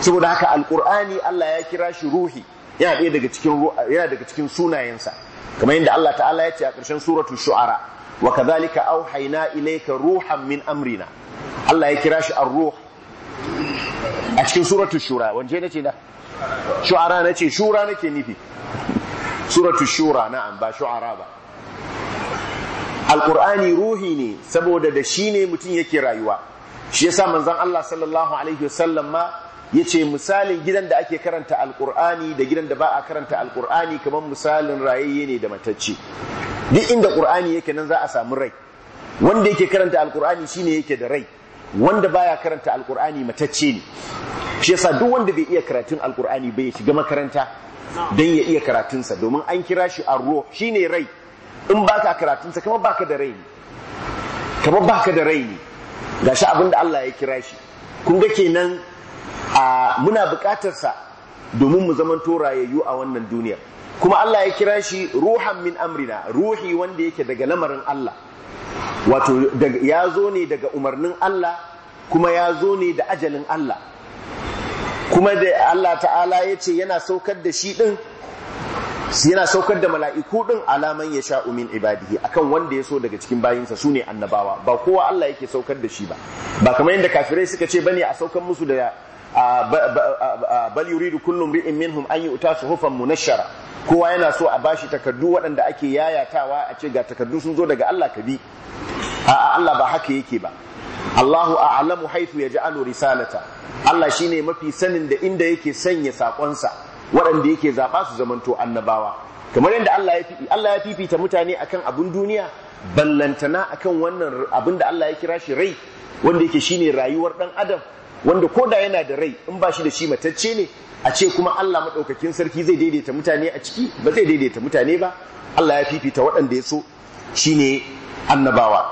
saboda haka alqur'ani Allah ya kira shi ruhi yana daga cikin yana daga cikin sunayensa kamar yadda Allah ta'ala ya ce a ƙarshen suratul shu'ara wa kadhalika auhayna ilayka ruhan min amrina Allah ya kira shi ar-ruh a cikin suratul shura wanje nace da shu'ara nace shura nake nufi suratul shura na'am ba shu'ara ba alqur'ani ruhi ne saboda da shi ne mutum yake rayuwa shi yasa manzon Allah sallallahu alaihi wasallam ma yace misalin gidan da ake karanta alqur'ani da gidan da ba a karanta alqur'ani kamar misalin rayayye ne da matacce duk inda qur'ani yake nan za a samu rai wanda yake karanta alqur'ani shine yake da rai wanda baya karanta alqur'ani matacce ne shi yasa duk wanda bai iya karatun alqur'ani bai shiga makaranta dan ya iya karatunsa domin an kira shi arro shine rai in baka karatunsa kamar baka da rai ne kamar baka da rai ne gashi abinda Allah ya kira shi kun ga kenan a muna bukatarsa domin mu zamanto rayayyu a wannan duniyar kuma Allah ya kira shi ruhan min amrina ruhi wanda yake daga lamarin Allah wato ya zo ne daga umarnin Allah kuma ya zo ne da ajalin Allah kuma da Allah ta'ala ya ce yana saukar da shi ɗin yana saukar da mala'iku ɗin alaman ya sha'u min ibadihi akan wanda ya so daga cikin bayinsa su ne annabawa ba kowa Allah yake saukar da shi ba ba kamar yadda kafirai suka ce bane a saukar musu da bal yuridu kullu imri'in minhum an yu'ta suhufan munashshara kowa yana so a bashi takardu waɗanda ake yayatawa a ce ga takardu sun zo daga Allah kabi bi a Allah ba haka yake ba Allahu a'lamu haythu yaj'alu risalata Allah shine mafi sanin da inda yake sanya sakonsa waɗanda yake zaba su zamanto annabawa kamar yadda Allah ya Allah ya fifita mutane akan abun duniya ballantana akan wannan abin da Allah ya kira shi rai wanda yake shine rayuwar dan adam wanda ko da yana da rai in ba shi da shi matacce ne a ce kuma Allah maɗaukakin sarki zai daidaita mutane a ciki ba zai daidaita mutane ba Allah ya fifita waɗanda ya so Shi ne annabawa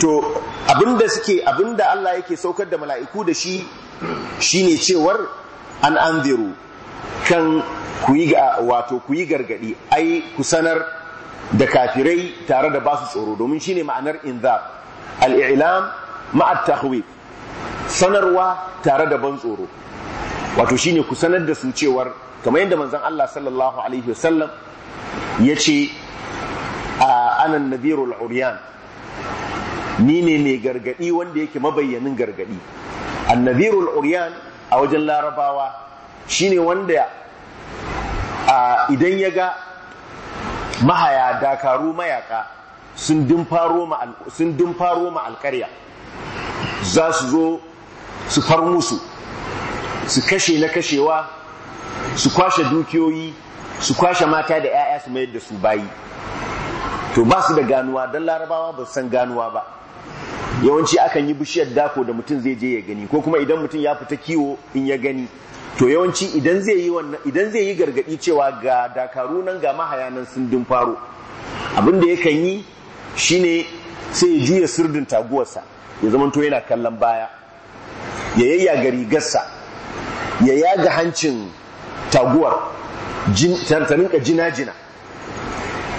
to abinda suke abinda Allah yake saukar da mala'iku da shi shi ne cewar an anziru kan ku yi wato ku gargadi ai ku sanar da kafirai tare da basu tsoro domin shi ne ma'anar inzar al-i'lam ta sanarwa tare da ban tsoro wato shine ku sanar da su cewar kamar yadda manzon Allah sallallahu alaihi wasallam ce a anan nadirul uryan ni ne mai gargadi wanda yake mabayyanin gargadi annadirul uryan a wajen larabawa shine wanda a idan ya ga mahaya dakaru mayaka sun dumfaro ma alƙarya za su zo su far musu su kashe na kashewa su kwashe dukiyoyi su kwashe mata da 'ya'ya su mayar da su bayi to ba su da ganuwa don larabawa ba san ganuwa ba yawanci akan yi bishiyar dako da mutum zai je ya gani ko kuma idan mutum ya fita kiwo in ya gani to yawanci idan zai yi wannan gargadi cewa ga dakaru nan ga mahaya nan sun din faro abin da yakan yi shine sai ya juya sirdin taguwarsa ya zama to yana kallon baya ya gari rigarsa ya yaga hancin taguwar ta ka jina-jina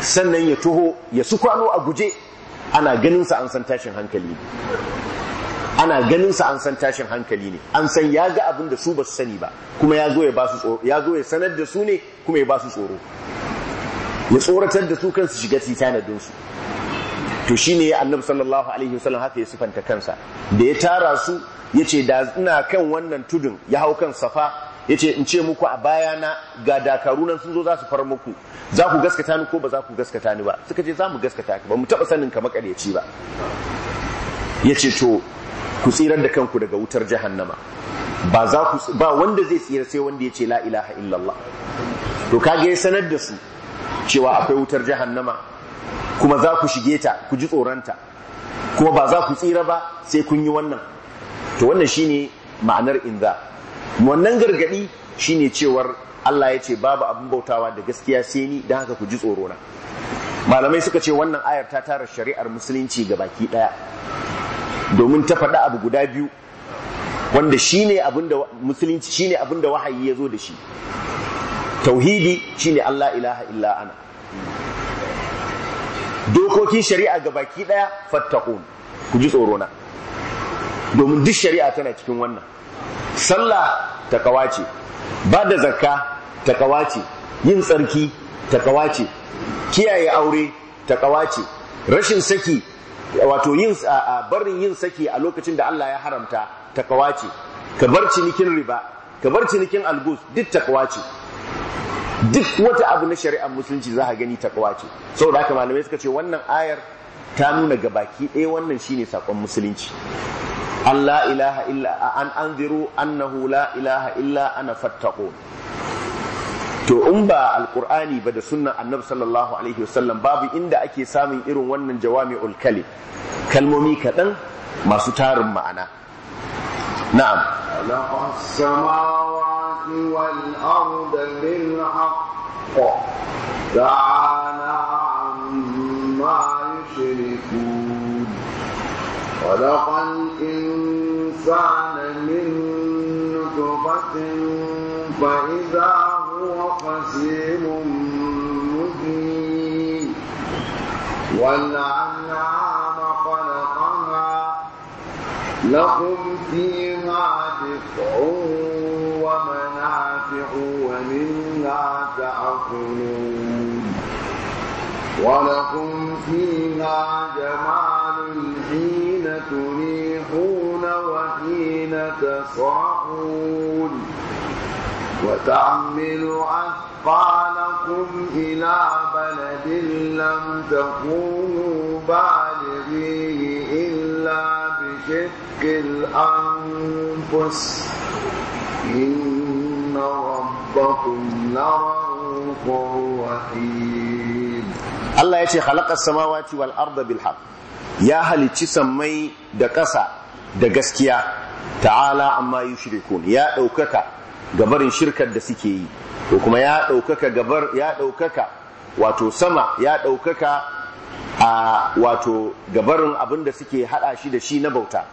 sannan ya tuho ya su kwano a guje ana ganinsa an san tashin hankali ne ana ganinsa an san tashin hankali ne an san ya ga abin da su ba su sani ba kuma ya zo ya sanar da su ne kuma ya ba su tsoro ya tsoratar da su kansu shiga titanadinsu to shi ne annabi sallallahu alaihi wasallam haka ya sifanta kansa da ya tara su yace da ina kan wannan tudun ya hau kan safa yace in ce muku a baya na ga dakaru nan sun zo za su far muku za ku gaskata ni ko ba za ku gaskata ni ba suka ce za mu gaskata ka ba mu taba sanin ka makaryaci ba yace to ku tsirar da kanku daga wutar jahannama ba za ku ba wanda zai tsira sai wanda ya ce la ilaha illallah to kage sanar da su cewa akwai wutar jahannama kuma za ku shige ta ku ji tsoronta kuma ba za ku tsira ba sai kun yi wannan to wannan shine ma'anar inza wannan gargadi shine cewar Allah ya ce babu abin bautawa da gaskiya sai ni dan haka ku ji tsoro na malamai suka ce wannan ayar ta tara shari'ar musulunci ga baki daya domin ta faɗi abu guda biyu wanda shine abin da musulunci shine abin da wahayi ya zo da shi tauhidi shine Allah ilaha illa ana dokokin shari'a ga baki daya fattaqun ku ji tsoro na domin duk shari'a tana cikin wannan sallah ta kawace ba da zakka ta kawace yin tsarki ta kawace kiyaye aure ta kawace rashin saki wato yin barin yin saki a lokacin da Allah ya haramta ta kawace ka bar cinikin riba ka bar cinikin algus duk ta kawace duk wata abu na shari'ar musulunci za a gani takwa ce saboda haka malamai suka ce wannan ayar ta nuna ga baki ɗaya wannan shine sakon musulunci an la ilaha illa an anziru annahu la ilaha illa ana fattako to in ba alƙur'ani ba da sunnan annabi sallallahu alaihi wasallam babu inda ake samun irin wannan jawami'ul kalim kalmomi kaɗan masu tarin ma'ana na'am والأرض بالحق تعالى عما يشركون خلق الإنسان من نطفة فإذا هو خصيم مبين والأنعام خلقها لكم فيها دفعون تأكلون ولكم فيها جمال حين تريحون وحين تصرعون وتعمل أثقالكم إلى بلد لم تكونوا بالغيه إلا بشق الأنفس إن رب ربكم لرؤوف رحيم الله يتي Ya halicci والأرض da ƙasa da gaskiya ta'ala amma تعالى عما يشركون ya أوكك gabarin shirkar da suke yi ko kuma ya ɗaukaka gabar ya ɗaukaka wato sama ya ɗaukaka a wato gabarin abin da suke haɗa shi da shi na bauta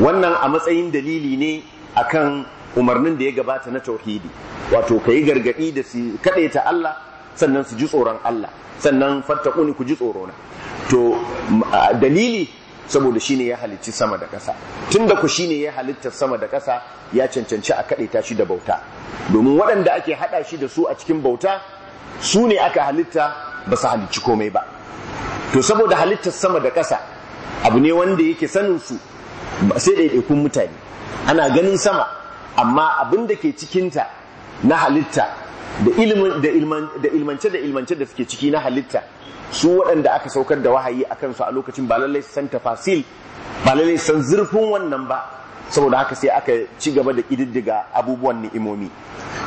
wannan a matsayin dalili ne akan umarnin da ya gabata na tauhidi wato ka yi gargaɗi da su ta Allah sannan su ji tsoron Allah sannan fattakuni ku ji tsoro na to dalili saboda shine ya halicci sama da ƙasa tunda ku shine ya halittar sama da ƙasa ya cancanci a ta shi da bauta domin waɗanda ake haɗa shi da su a cikin bauta su ne aka halitta ba su halicci komai ba to saboda halittar sama da ƙasa abu ne wanda yake sanin su sai ɗaiɗaikun mutane ana ganin sama amma abin da ke cikinta na halitta da ilmance da ilmance da suke ciki na halitta su waɗanda aka saukar da wahayi a kansu a lokacin ba lallai san tafasil ba lallai san zurfin wannan ba saboda haka sai aka ci gaba da ƙididdiga abubuwan ni'imomi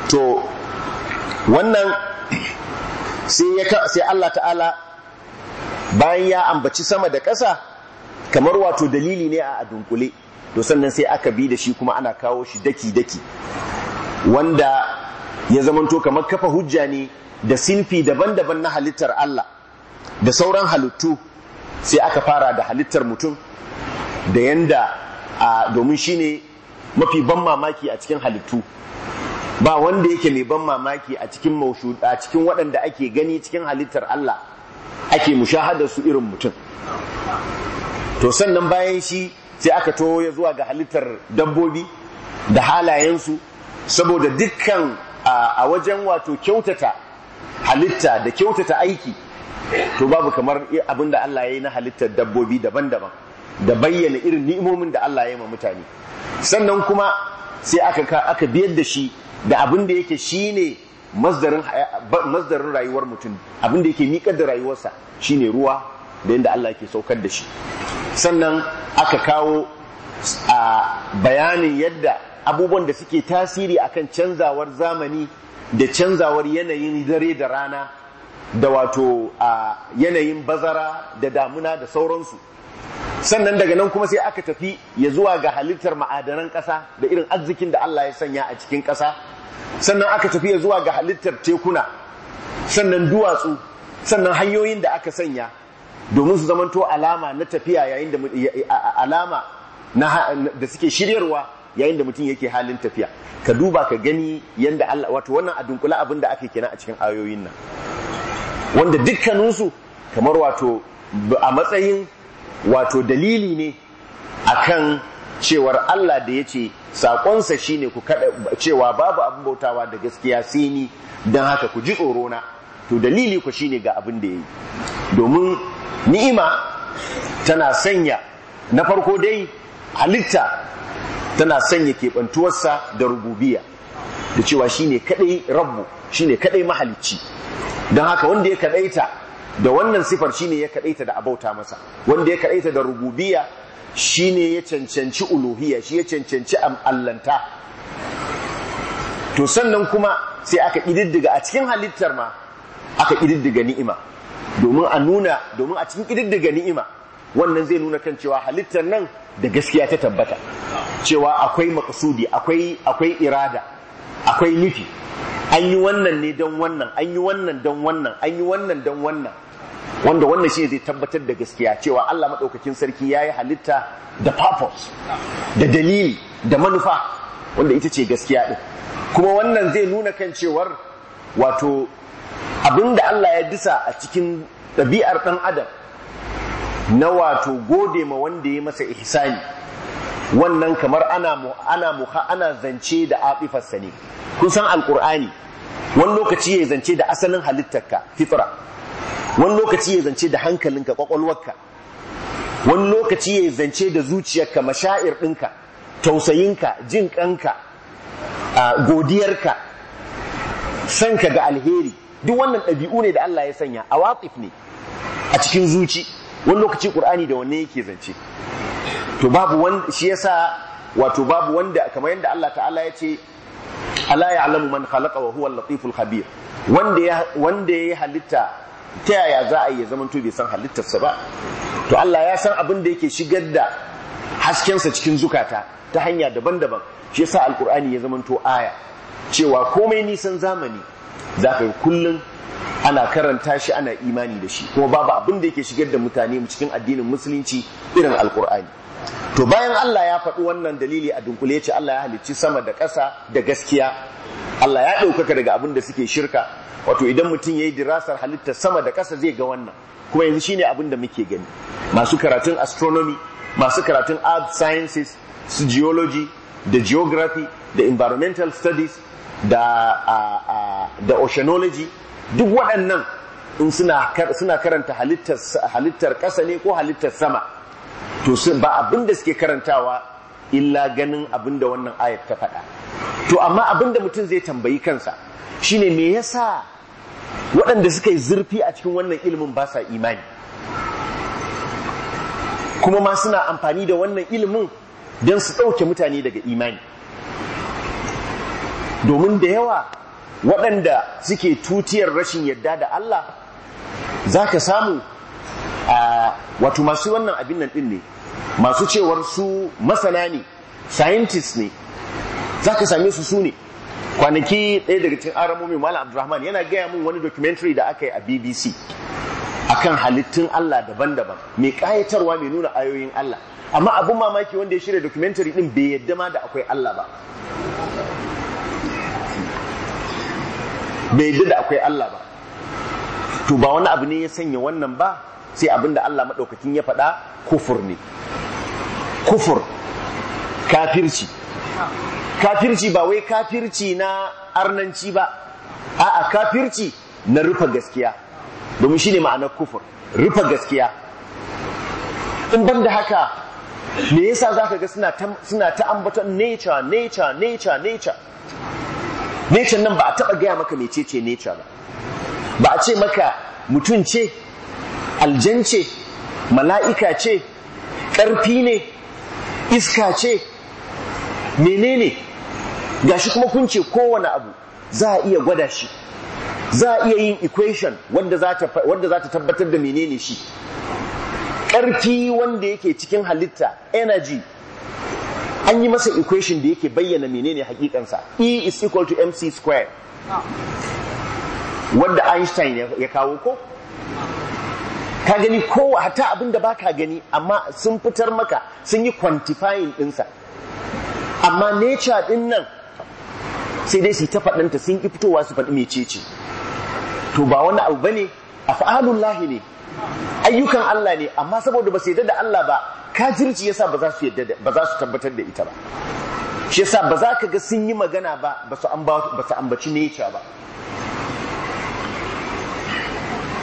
to wannan sai Allah ta'ala bayan ya ambaci sama da ƙasa kamar wato dalili ne a dunkule to sannan sai aka bi da shi kuma ana kawo shi daki-daki wanda ya zamanto kamar kafa hujja ne da sinfi daban-daban na halittar Allah da sauran halittu sai aka fara da halittar mutum da yanda a domin shi ne mafi ban mamaki a cikin halittu ba wanda yake mai ban mamaki a cikin a cikin waɗanda ake gani cikin halittar Allah ake mushahadar su irin mutum to sannan bayan shi sai aka toya zuwa ga halittar dabbobi da halayensu saboda dukkan a wajen wato kyautata halitta da kyautata aiki to babu kamar abinda Allah ya yi na halittar dabbobi daban-daban da bayyana irin ni'imomin da Allah ya yi ma mutane sannan kuma sai aka biyar da shi da abin da yake shi ne mazdarin eh, rayuwar mutum abin da yake miƙar da rayuwarsa shine ruwa da yadda Allah ke saukar da shi sannan aka kawo a bayanin yadda abubuwan da suke tasiri akan canzawar zamani da canzawar yanayin dare da rana da wato a yanayin bazara da damuna da sauransu sannan daga nan kuma sai aka tafi ya zuwa ga halittar ma'adanan ƙasa da irin arzikin da Allah ya sanya a cikin ƙasa sannan aka tafi ya zuwa ga halittar tekuna sannan duwatsu sannan hanyoyin da aka sanya domin su zamanto alama na tafiya yayin da alama da suke shiryarwa yayin da mutum yake halin tafiya ka duba ka gani yadda Allah wato wannan a dunkula abin da ake kina a cikin ayoyin nan wanda dukkaninsu kamar wato a matsayin wato dalili ne akan cewar Allah da ya ce saƙonsa shine ku kada cewa babu abin bautawa da gaskiya sai ni don haka ku ji tsoro na to dalili ku shine ga abin da yayi domin ni'ima tana sanya na farko dai halitta tana sanya keɓantuwarsa da rububiya da cewa shine kadai rabbu shine kadai mahalicci don haka wanda ya kadaita da wannan sifar shine ya kadaita da abauta masa wanda ya kadaita da rububiya shine ya cancanci uluhiya shi ya cancanci allanta to sannan kuma sai aka ƙididdiga a cikin halittar ma aka ƙididdiga ni'ima domin a nuna domin a cikin ƙididdiga ni'ima wannan zai nuna kan cewa halittar nan da gaskiya ta tabbata cewa akwai makasudi akwai akwai irada akwai nufi an yi wannan ne don wannan an yi wannan don wannan an yi wannan don wannan wanda wannan shi zai tabbatar da gaskiya cewa Allah maɗaukakin sarki ya yi halitta da purpose da dalili da manufa wanda ita ce gaskiya ɗin kuma wannan zai nuna kan cewar wato Abin da Allah ya disa a cikin ɗabi'ar ɗan adam na wato gode ma wanda ya masa ihsani wannan kamar ana ana muha ana zance da afifarsa ne kun san alqur'ani wani lokaci ya zance da asalin halittarka fitra wani lokaci ya zance da hankalinka kwakwalwarka wani lokaci ya zance da zuciyarka mashair ɗinka tausayinka jin kanka godiyarka sanka ga alheri duk wannan ɗabi'u ne da Allah ya sanya a watif ne a cikin zuci wani lokaci ƙur'ani da wanne yake zance to babu wanda shi yasa wato babu wanda kamar yadda Allah ta'ala ya ce ala ya'lamu man khalaqa wa huwa latiful khabir wanda ya wanda halitta ta yaya za a yi ya bai san halittarsa ba to Allah ya san abin da yake shigar da haskensa cikin zukata ta hanya daban-daban shi yasa alqur'ani ya zamanto to aya cewa komai nisan zamani za ka yi kullum ana karanta shi ana imani da shi kuma babu abin da yake shigar da mutane cikin addinin musulunci irin alkur'ani to bayan Allah ya faɗi wannan dalili a dunkule ce Allah ya halicci sama da ƙasa da gaskiya Allah ya ɗaukaka daga abin da suke shirka wato idan mutum ya yi dirasar halitta sama da ƙasa zai ga wannan kuma yanzu shine abin da muke gani masu karatun astronomy masu karatun art sciences su geology da geography da environmental studies da da oceanology duk waɗannan in suna karanta halittar ƙasa ne ko halittar sama to sun ba abin da suke karantawa illa ganin abin da wannan ayat ta faɗa to amma abin da mutum zai tambayi kansa shine me yasa waɗanda suka yi zurfi a cikin wannan ilimin ba sa imani kuma ma suna amfani da wannan ilimin don su ɗauke mutane daga imani domin da yawa waɗanda suke tutiyar rashin yadda da Allah za ka samu a wato masu wannan abin nan ɗin ne masu cewar su masana ne scientist ne za ka same su su ne kwanaki ɗaya daga cikin aramomi malam abdulrahman yana gaya mun wani documentary da aka yi a bbc akan halittun Allah daban-daban mai ƙayatarwa mai nuna ayoyin Allah amma abin mamaki wanda ya shirya documentary ɗin bai yadda ma da akwai Allah ba bai yi da akwai Allah ba to ba wani abu ne ya sanya wannan ba sai abin da Allah maɗaukakin ya faɗa kufur ne kufur kafirci kafirci ba wai kafirci na arnanci ba a'a kafirci na rufe gaskiya domin shine ma'anar kufur rufe gaskiya in ban da haka me yasa za ka ga suna ta suna ta ambaton nature nature nature nature nature nan ba a taba gaya maka mecece nature ba ba a ce maka mutum ce aljan ce mala'ika ce ƙarfi ne iska ce menene gashi kuma kun ce kowane abu za a iya gwada shi za a iya yin equation wanda za ta tabbatar da menene shi ƙarfi wanda yake cikin halitta energy an yi masa equation da yake bayyana menene hakikansa E is equal to mc square Wadda Einstein ya kawo ko ka gani ko hata abin da baka gani amma sun fitar maka sun yi quantifying dinsa. amma nature din nan sai dai su ta faɗanta sun ƙi fitowa su faɗi mecece to ba wani abu bane af'alullahi ne ayyukan Allah ne amma saboda ba su yadda da Allah ba kafirci yasa ba za su yadda ba za su tabbatar da ita ba shi yasa ba za ka ga sun yi magana ba ba su ambaci nature ba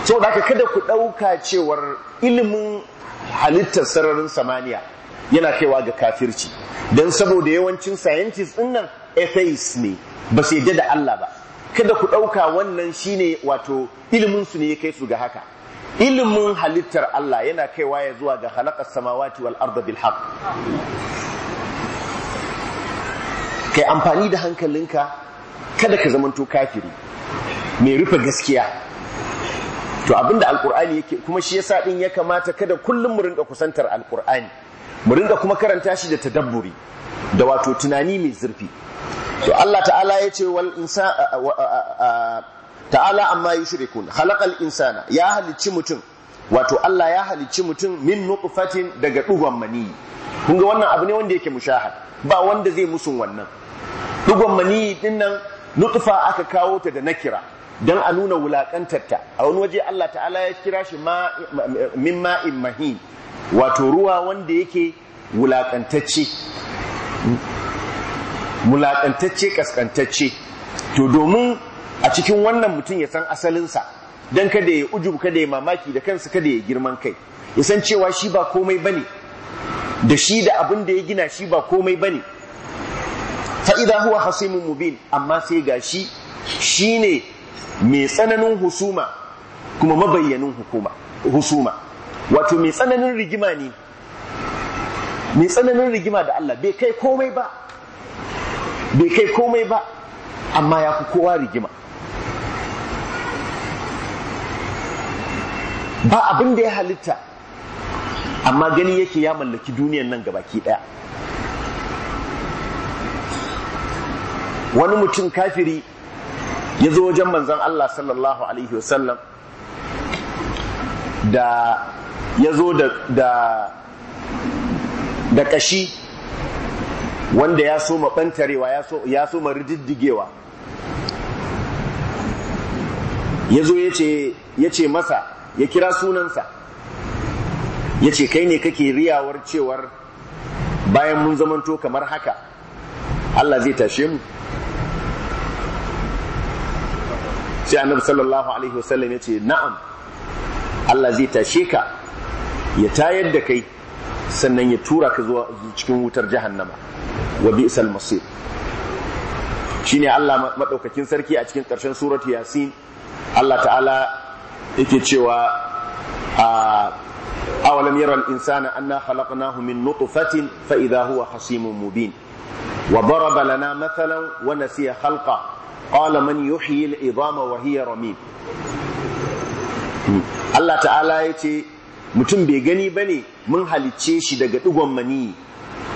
so da kada ku ɗauka cewar ilimin halittar sararin samaniya yana kaiwa ga kafirci don saboda yawancin scientists din nan atheist ne ba su yadda da Allah ba kada ku ɗauka wannan shine wato ilimin su ne ya kai su ga haka ilimin halittar Allah yana kaiwa ya zuwa ga halakar samawati wal arda bil haq kai amfani da hankalinka kada ka zamanto kafiri mai rufe gaskiya to abinda alkur'ani yake kuma shi yasa din ya kamata kada kullum mu rinka kusantar alkur'ani mu rinka kuma karanta shi da tadabburi da wato tunani mai zurfi to Allah ta'ala ya ce wal insa ta'ala amma yushrikun khalaqal insana ya halicci mutum wato Allah ya halicci mutum min nutfatin daga dugon mani kun ga wannan abu ne wanda yake mushahad ba wanda zai musun wannan dugon mani din nan nutfa aka kawo ta da nakira dan a nuna ta a wani waje Allah ta'ala ya kira shi ma min ma'in mahin wato ruwa wanda yake wulakantacce wulakantacce kaskantacce to domin a cikin wannan mutum ya san asalinsa don kada ya ujubu kada ya mamaki da kansa kada ya girman kai ya san cewa shi ba komai bane da shi da abin da ya gina shi ba komai bane fa idza huwa hasimun mubin amma sai ga shi shine mai tsananin husuma kuma mabayyanin husuma wato mai tsananin rigima ne mai tsananin rigima da Allah bai kai komai ba bai kai komai ba amma ya fi kowa rigima ba abin da ya halitta amma gani yake ya mallaki duniyan nan gabaki daya wani mutum kafiri ya zo wajen manzan Allah sallallahu alaihi wasallam da ya zo da kashi wanda ya so ɓantarewa ya so rididdigewa ya zo ya ce masa ya kira sunansa ya ce kai ne kake riyawar cewar bayan mun zamanto kamar haka Allah zai tashe mu sai annabi sallallahu alaihi wasallam ya ce na'am Allah zai tashe ka ya tayar da kai sannan ya tura ka zuwa cikin wutar jahannama wa bi'sal masir shine Allah madaukakin sarki a cikin ƙarshen suratu yasin Allah ta'ala yake cewa a awalam yara insana anna khalaqnahu min nutfatin fa idha huwa khasimun mubin wa daraba lana mathalan wa nasiya khalqa qala man yuhyi al-idama wa hiya ramim Allah ta'ala yace mutum bai gani ba ne mun halicce shi daga ɗigon mani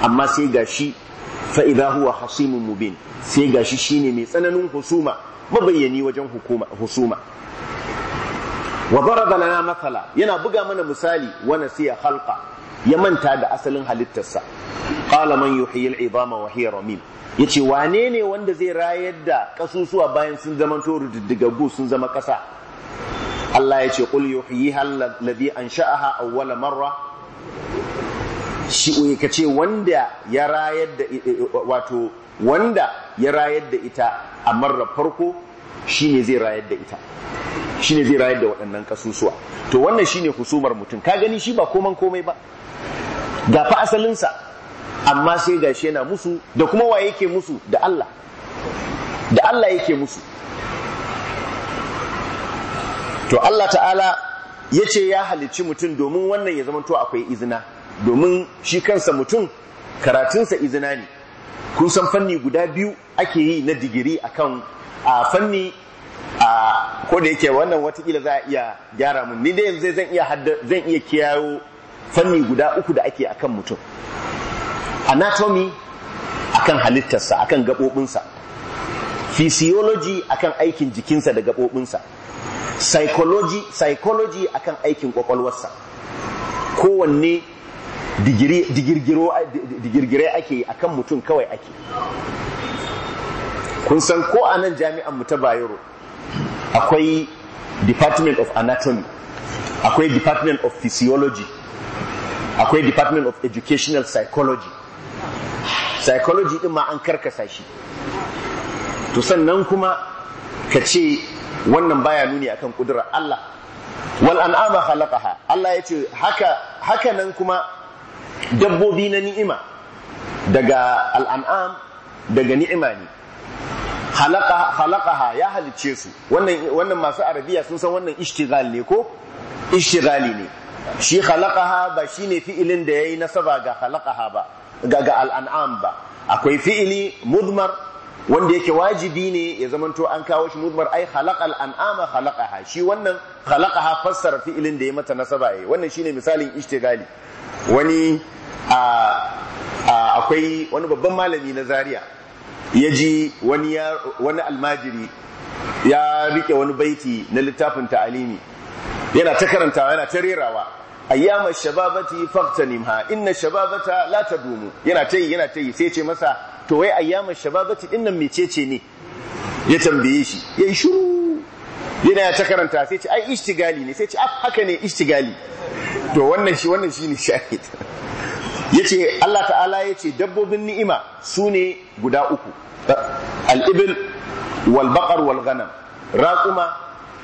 amma sai gashi fa idha huwa khasimun mubin sai gashi shine mai tsananin husuma mabayyani wajen husuma wa daraba lana masala yana buga mana misali wa nasiya halka ya manta da asalin halittarsa qala man yuhyi al-idama wa hiya ramim yace wane ne wanda zai rayar da kasusuwa bayan sun zama to diddigaggu sun zama kasa Allah ya ce qul yuhyiha alladhi ansha'aha awwala marra shi ka ce wanda ya rayar da wato wanda ya rayar da ita a marar farko shi ne zai rayar da ita shi ne zai rayar da waɗannan ƙasusuwa to wannan shi ne husumar mutum ka gani shi ba koman komai ba ga fa asalinsa amma sai ga shi yana musu da kuma wa yake musu da Allah da Allah yake musu to Allah ta'ala ya ce ya halicci mutum domin wannan ya zama akwai izina domin shi kansa mutum karatunsa izina ne kun san fanni guda biyu ake yi na digiri akan a fanni a ko da yake wannan watakila za a iya gyara mun ni dai yanzu zan iya zan iya kiyayo fanni guda uku da ake akan mutum anatomy akan halittarsa akan gaɓoɓinsa physiology akan aikin jikinsa da gaɓoɓinsa psychology psychology akan aikin kwakwalwarsa kowanne digirgiro digirgire ake akan mutum kawai ake kun san ko a nan jami'an mu ta bayero akwai department of anatomy akwai department of physiology akwai department of educational psychology psychology din ma an karkasa shi to sannan kuma ka ce wannan baya nuni akan kudurar Allah wal an'ama khalaqaha Allah yace haka haka nan kuma dabbobi na ni'ima daga al'an'am daga ni'ima ne halakaha ya halicce su wannan masu arabiya sun san wannan ishtigal ne ko ishtigali ne shi halakaha ba shi ne fi'ilin da ya yi nasaba ga halakaha ba ga ga al'an'am ba akwai fi'ili mudmar wanda yake wajibi ne ya zamanto an kawo shi mudmar ai khalaqal an'ama halakaha shi wannan halakaha fassara fi'ilin da ya mata nasaba yayi wannan shine misalin ishtigali wani akwai wani babban malami na Zariya. ya ji wani almajiri ya rike wani baiti na littafin ta'alimi yana ta karantawa yana ta rerawa ayyamar shababati faktanimha inna shababata la tadumu yana ta yi yana ta yi sai ce masa to wai ayyamar shababati dinnan mecece ne ya tambaye shi ya yi shuru yana ta karanta sai ce ai istigali ne sai ce ah, haka ne istigali. to wannan shi wannan shine shahid yace Allah ta'ala yace dabbobin ni'ima su ne guda uku al-ibil wal baqar wal ghanam raquma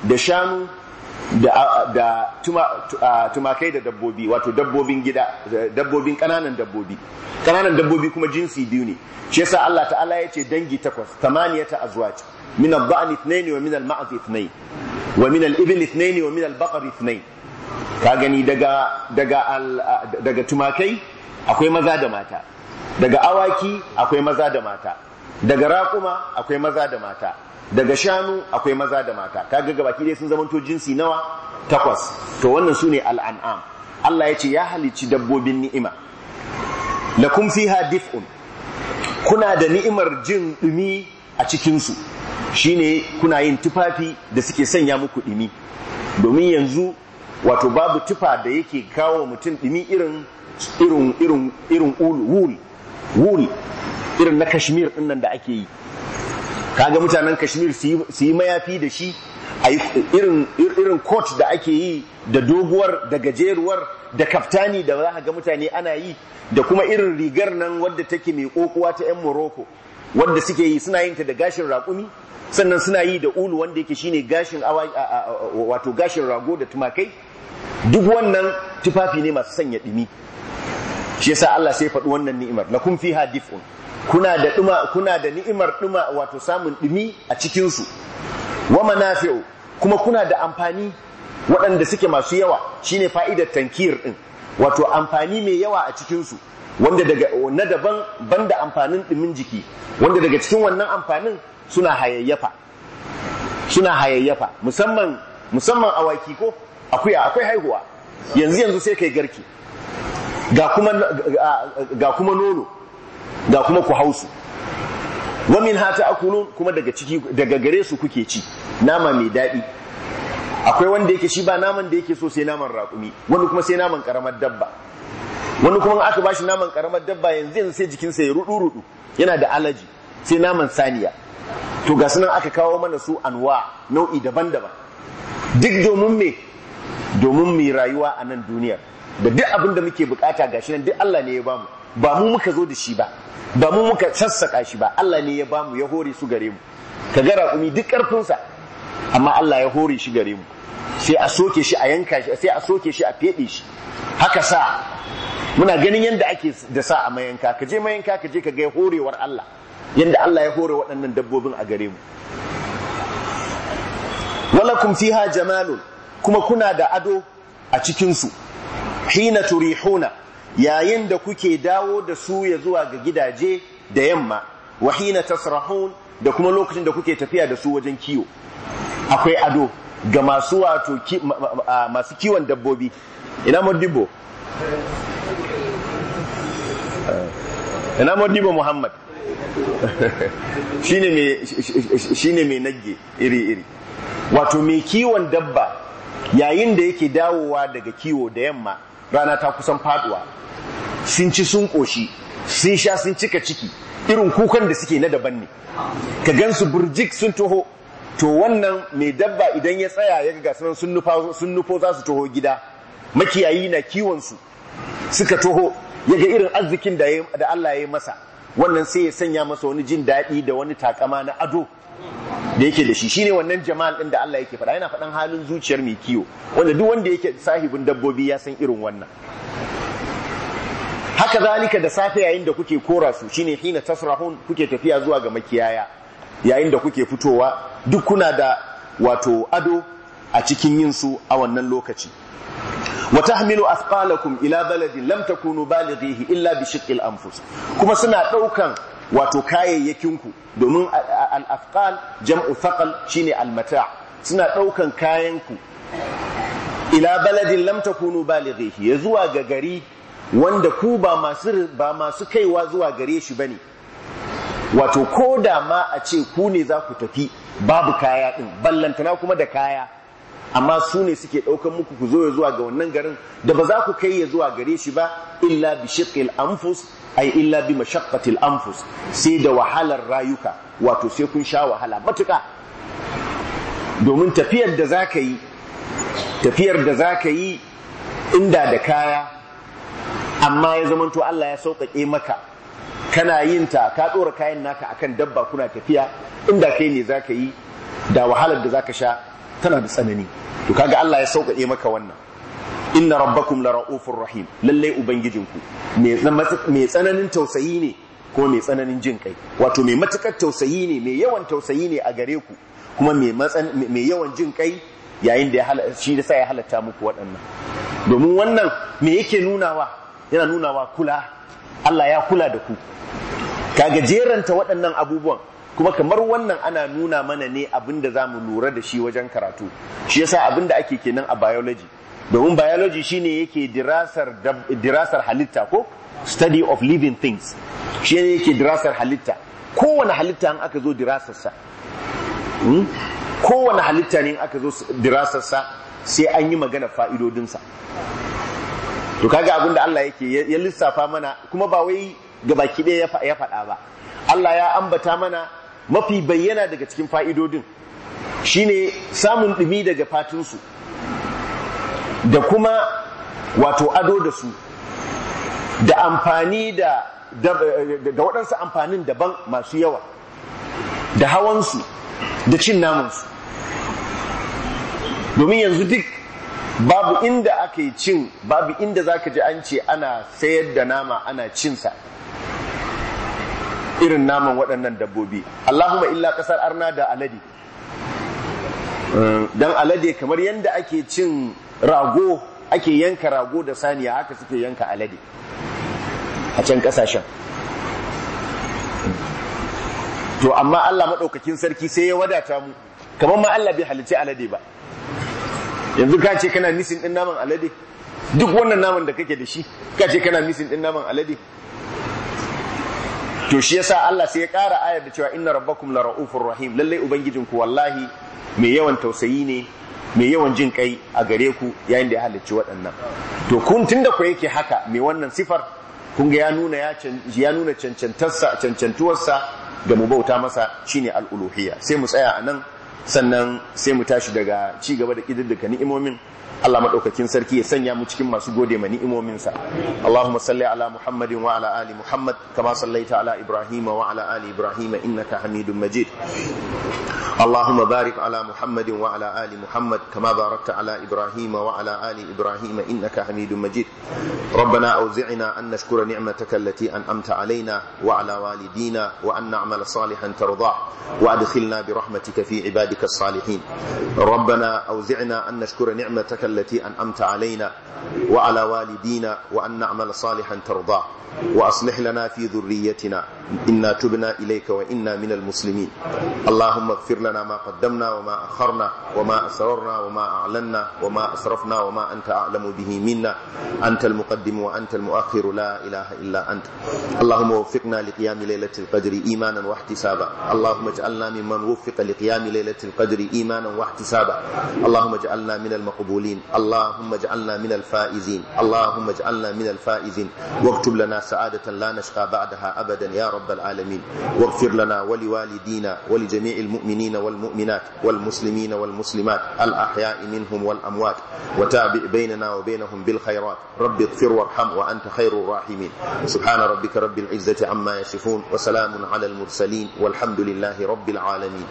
da shanu da tumakai da dabbobi wato dabbobin gida dabbobin kananan dabbobi kananan dabbobi kuma jinsi biyu ne shi yasa Allah ta'ala ya ce dangi takwas tamaniyata azwaj min al-ba'n ithnayn wa min al-ma'z ithnayn wa min al-ibl ithnayn wa min al-baqar ithnayn ka gani daga daga daga tumakai akwai maza da mata daga awaki akwai maza da mata daga raƙuma akwai maza da mata daga shanu akwai maza da mata ga gabaki dai sun zamanto jinsi nawa takwas to wannan su ne al'an'am Allah ya ce ya halicci dabbobin ni'ima lakum fiha dif'un kuna da ni'imar jin ɗumi a cikinsu shine kuna yin tufafi da suke sanya muku ɗumi domin yanzu wato babu tufa da yake kawo mutum ɗumi irin irin irin irin wul irin na kashmir din nan da ake yi kaga mutanen kashmir su yi mayafi da shi a irin irin coat da ake yi da doguwar da gajeruwar da kaftani da za ga mutane ana yi da kuma irin rigar nan wadda take mai kokowa ta yan morocco wadda suke yi suna yin ta da gashin raƙumi sannan suna yi da ulu wanda yake shine gashin wato gashin rago da tumakai duk wannan tufafi ne masu sanya ɗumi shi yasa Allah sai faɗi wannan ni'imar lakum fiha dif'un kuna da duma kuna da ni'imar duma wato samun dumi a cikin su wa manafi'u kuma kuna da amfani waɗanda suke masu yawa shine fa'idar tankir din wato amfani mai yawa a cikin su wanda daga na daban banda amfanin dumin jiki wanda daga cikin wannan amfanin suna hayayyafa suna hayayyafa musamman musamman awaki ko akuya akwai haihuwa yanzu yanzu sai kai garki ga kuma nono ga kuma ku hausu wamin hata akulun kuma daga ciki daga gare su kuke ci nama mai daɗi akwai wanda yake shi ba naman da yake so sai naman raƙumi wani kuma sai naman karamar dabba wani kuma aka bashi naman karamar dabba yanzu yanzu sai jikinsa ya rudu rudu yana da alaji sai naman saniya to ga sunan aka kawo mana su anwa nau'i daban-daban duk domin me domin mai rayuwa a nan duniyar da duk abin da muke bukata ga shi nan duk Allah ne ya bamu ba mu muka zo da shi ba ba mu muka sassaka shi ba Allah ne ya bamu ya hore su gare mu ka ga raƙumi duk ƙarfinsa amma Allah ya hore shi gare mu sai a soke shi a yanka shi sai a soke shi a fede shi haka sa muna ganin yadda ake da sa a mayanka ka je mayanka ka je ka ga horewar Allah yanda Allah ya hore waɗannan dabbobin a gare mu walakum fiha jamalun kuma kuna da ado a cikin su hina turihuna yayin da kuke dawo da su ya zuwa ga gidaje da yamma wa hina tasrahun da kuma lokacin da kuke tafiya da su wajen kiwo akwai ado ga masu wato masu kiwon dabbobi ina modibo ina modibo muhammad shine mai nagge iri-iri wato mai kiwon dabba yayin da yake dawowa daga kiwo da yamma rana ta kusan faduwa sun ci sun ƙoshi sun sha sun cika ciki irin kukan da suke na daban ne ka gansu burjik sun toho to wannan mai dabba idan ya tsaya ya ga sunan sun nufo za su toho gida makiyayi na kiwon su suka toho yaga irin arzikin da Allah ya yi masa wannan sai ya sanya masa wani jin daɗi da wani takama na ado da yake da shi shine wannan jama'al ɗin da Allah yake faɗa yana faɗan halin zuciyar mai kiwo wanda duk wanda yake sahibin dabbobi ya san irin wannan haka zalika da safe yayin da kuke kora su shine hina tasrahun kuke tafiya zuwa ga makiyaya yayin da kuke fitowa duk kuna da wato ado a cikin yin su a wannan lokaci wa tahmilu asqalakum ila baladin lam takunu balighihi illa bi shiqqil anfus kuma suna daukan wato kayayyakin ku domin al-afqal jam'u thaqal shine al-mata' suna daukan kayanku ila baladin lam takunu balighihi ya zuwa ga gari wanda ku ba masu ba masu kaiwa zuwa gare shi bane wato ko da ma a ce ku ne za ku tafi babu kaya din ballantana kuma da kaya amma su ne suke ɗaukan muku ku zo ya zuwa ga wannan garin da ba za ku kai ya zuwa gare shi ba illa bi shiqqil anfus ay illa bi mashaqqatil anfus sai da wahalar rayuka wato sai kun sha wahala matuka domin tafiyar da za ka yi tafiyar da za ka yi inda da kaya amma ya zamanto Allah ya sauƙaƙe maka kana yin ta ka ɗora kayan naka akan dabba kuna tafiya inda kai ne za ka yi da wahalar da za ka sha tana da tsanani to kaga Allah ya sauƙaƙe maka wannan inna rabbakum la ra'ufur rahim lalle ubangijinku mai tsananin tausayi ne ko mai tsananin jin kai wato mai matukar tausayi ne mai yawan tausayi ne a gare ku kuma mai yawan jin kai yayin da shi da sa ya halatta muku waɗannan domin wannan me yake nunawa yana nunawa kula Allah ya kula da ku kaga jeranta waɗannan abubuwan kuma kamar wannan ana nuna mana ne abin da za mu lura da shi wajen karatu shi yasa abin da ake kenan a biology domin biology shine yake dirasar dirasar halitta ko study of living things Shi ne yake dirasar halitta kowane halitta an aka zo dirasarsa hmm? kowane halitta ne aka zo dirasarsa sai an yi magana fa'idodinsa to kaga abin da Allah yake ya lissafa mana kuma ba wai gabaki ɗaya ya faɗa ba Allah ya ambata mana mafi bayyana daga cikin fa'idodin shi ne samun ɗumi daga fatinsu da kuma wato ado da su da amfani da da waɗansu amfanin daban masu yawa da hawansu da cin su, domin yanzu duk babu inda aka yi cin babu inda za ka ji an ce ana sayar da nama ana cinsa irin naman waɗannan dabbobi Allahumma illa kasar arna da alade eh, don alade kamar yadda ake cin rago ake yanka rago da saniya haka suke yanka alade a can ƙasashen to amma Allah maɗaukakin sarki sai ya wadata mu kamar ma Allah bai halice alade ba yanzu ka ce kana nisin ɗin naman alade duk wannan naman da kake da shi ka ce kana nisin ɗin naman alade to shi yasa Allah sai ya ƙara ayar da cewa inna rabbakum la ra'ufur rahim lalle ku wallahi mai yawan tausayi ne mai yawan jin kai a gare ku yayin da ya halicci waɗannan to kun tunda ku yake haka mai wannan sifar kun ga ya nuna ya ya nuna cancantarsa cancantuwarsa da mu bauta masa shine al-uluhiyya sai mu tsaya anan sannan sai mu tashi daga ci gaba da kididdika ni'imomin Allah maɗaukakin sarki ya sanya mu cikin masu gode ma ni'imominsa. Allahumma salli ala Muhammadin wa ala ali Muhammad kama sallaita ala Ibrahim wa ala ali Ibrahim innaka Hamidun Majid. Allahumma barik ala Muhammadin wa ala ali Muhammad kama barakta ala Ibrahim wa ala ali Ibrahim innaka Hamidun Majid. Rabbana auzi'ina an nashkura ni'matakal lati an'amta alaina wa ala walidina wa an na'mala salihan tardah wa adkhilna bi rahmatika fi ibadika salihin. Rabbana auzi'ina an nashkura ni'matakal التي أنعمت علينا وعلى والدينا وأن نعمل صالحا ترضاه وأصلح لنا في ذريتنا إنا تبنا إليك وإنا من المسلمين اللهم اغفر لنا ما قدمنا وما أخرنا وما أسررنا وما أعلنا وما أسرفنا وما أنت أعلم به منا أنت المقدم وأنت المؤخر لا إله إلا أنت اللهم وفقنا لقيام ليلة القدر إيمانا واحتسابا اللهم اجعلنا ممن وفق لقيام ليلة القدر إيمانا واحتسابا اللهم اجعلنا من المقبولين اللهم اجعلنا من الفائزين اللهم اجعلنا من الفائزين واكتب لنا سعادة لا نشقى بعدها أبدا يا رب رب العالمين واغفر لنا ولوالدينا ولجميع المؤمنين والمؤمنات والمسلمين والمسلمات الأحياء منهم والأموات وتابع بيننا وبينهم بالخيرات رب اغفر وارحم وأنت خير الراحمين سبحان ربك رب العزة عما يصفون وسلام على المرسلين والحمد لله رب العالمين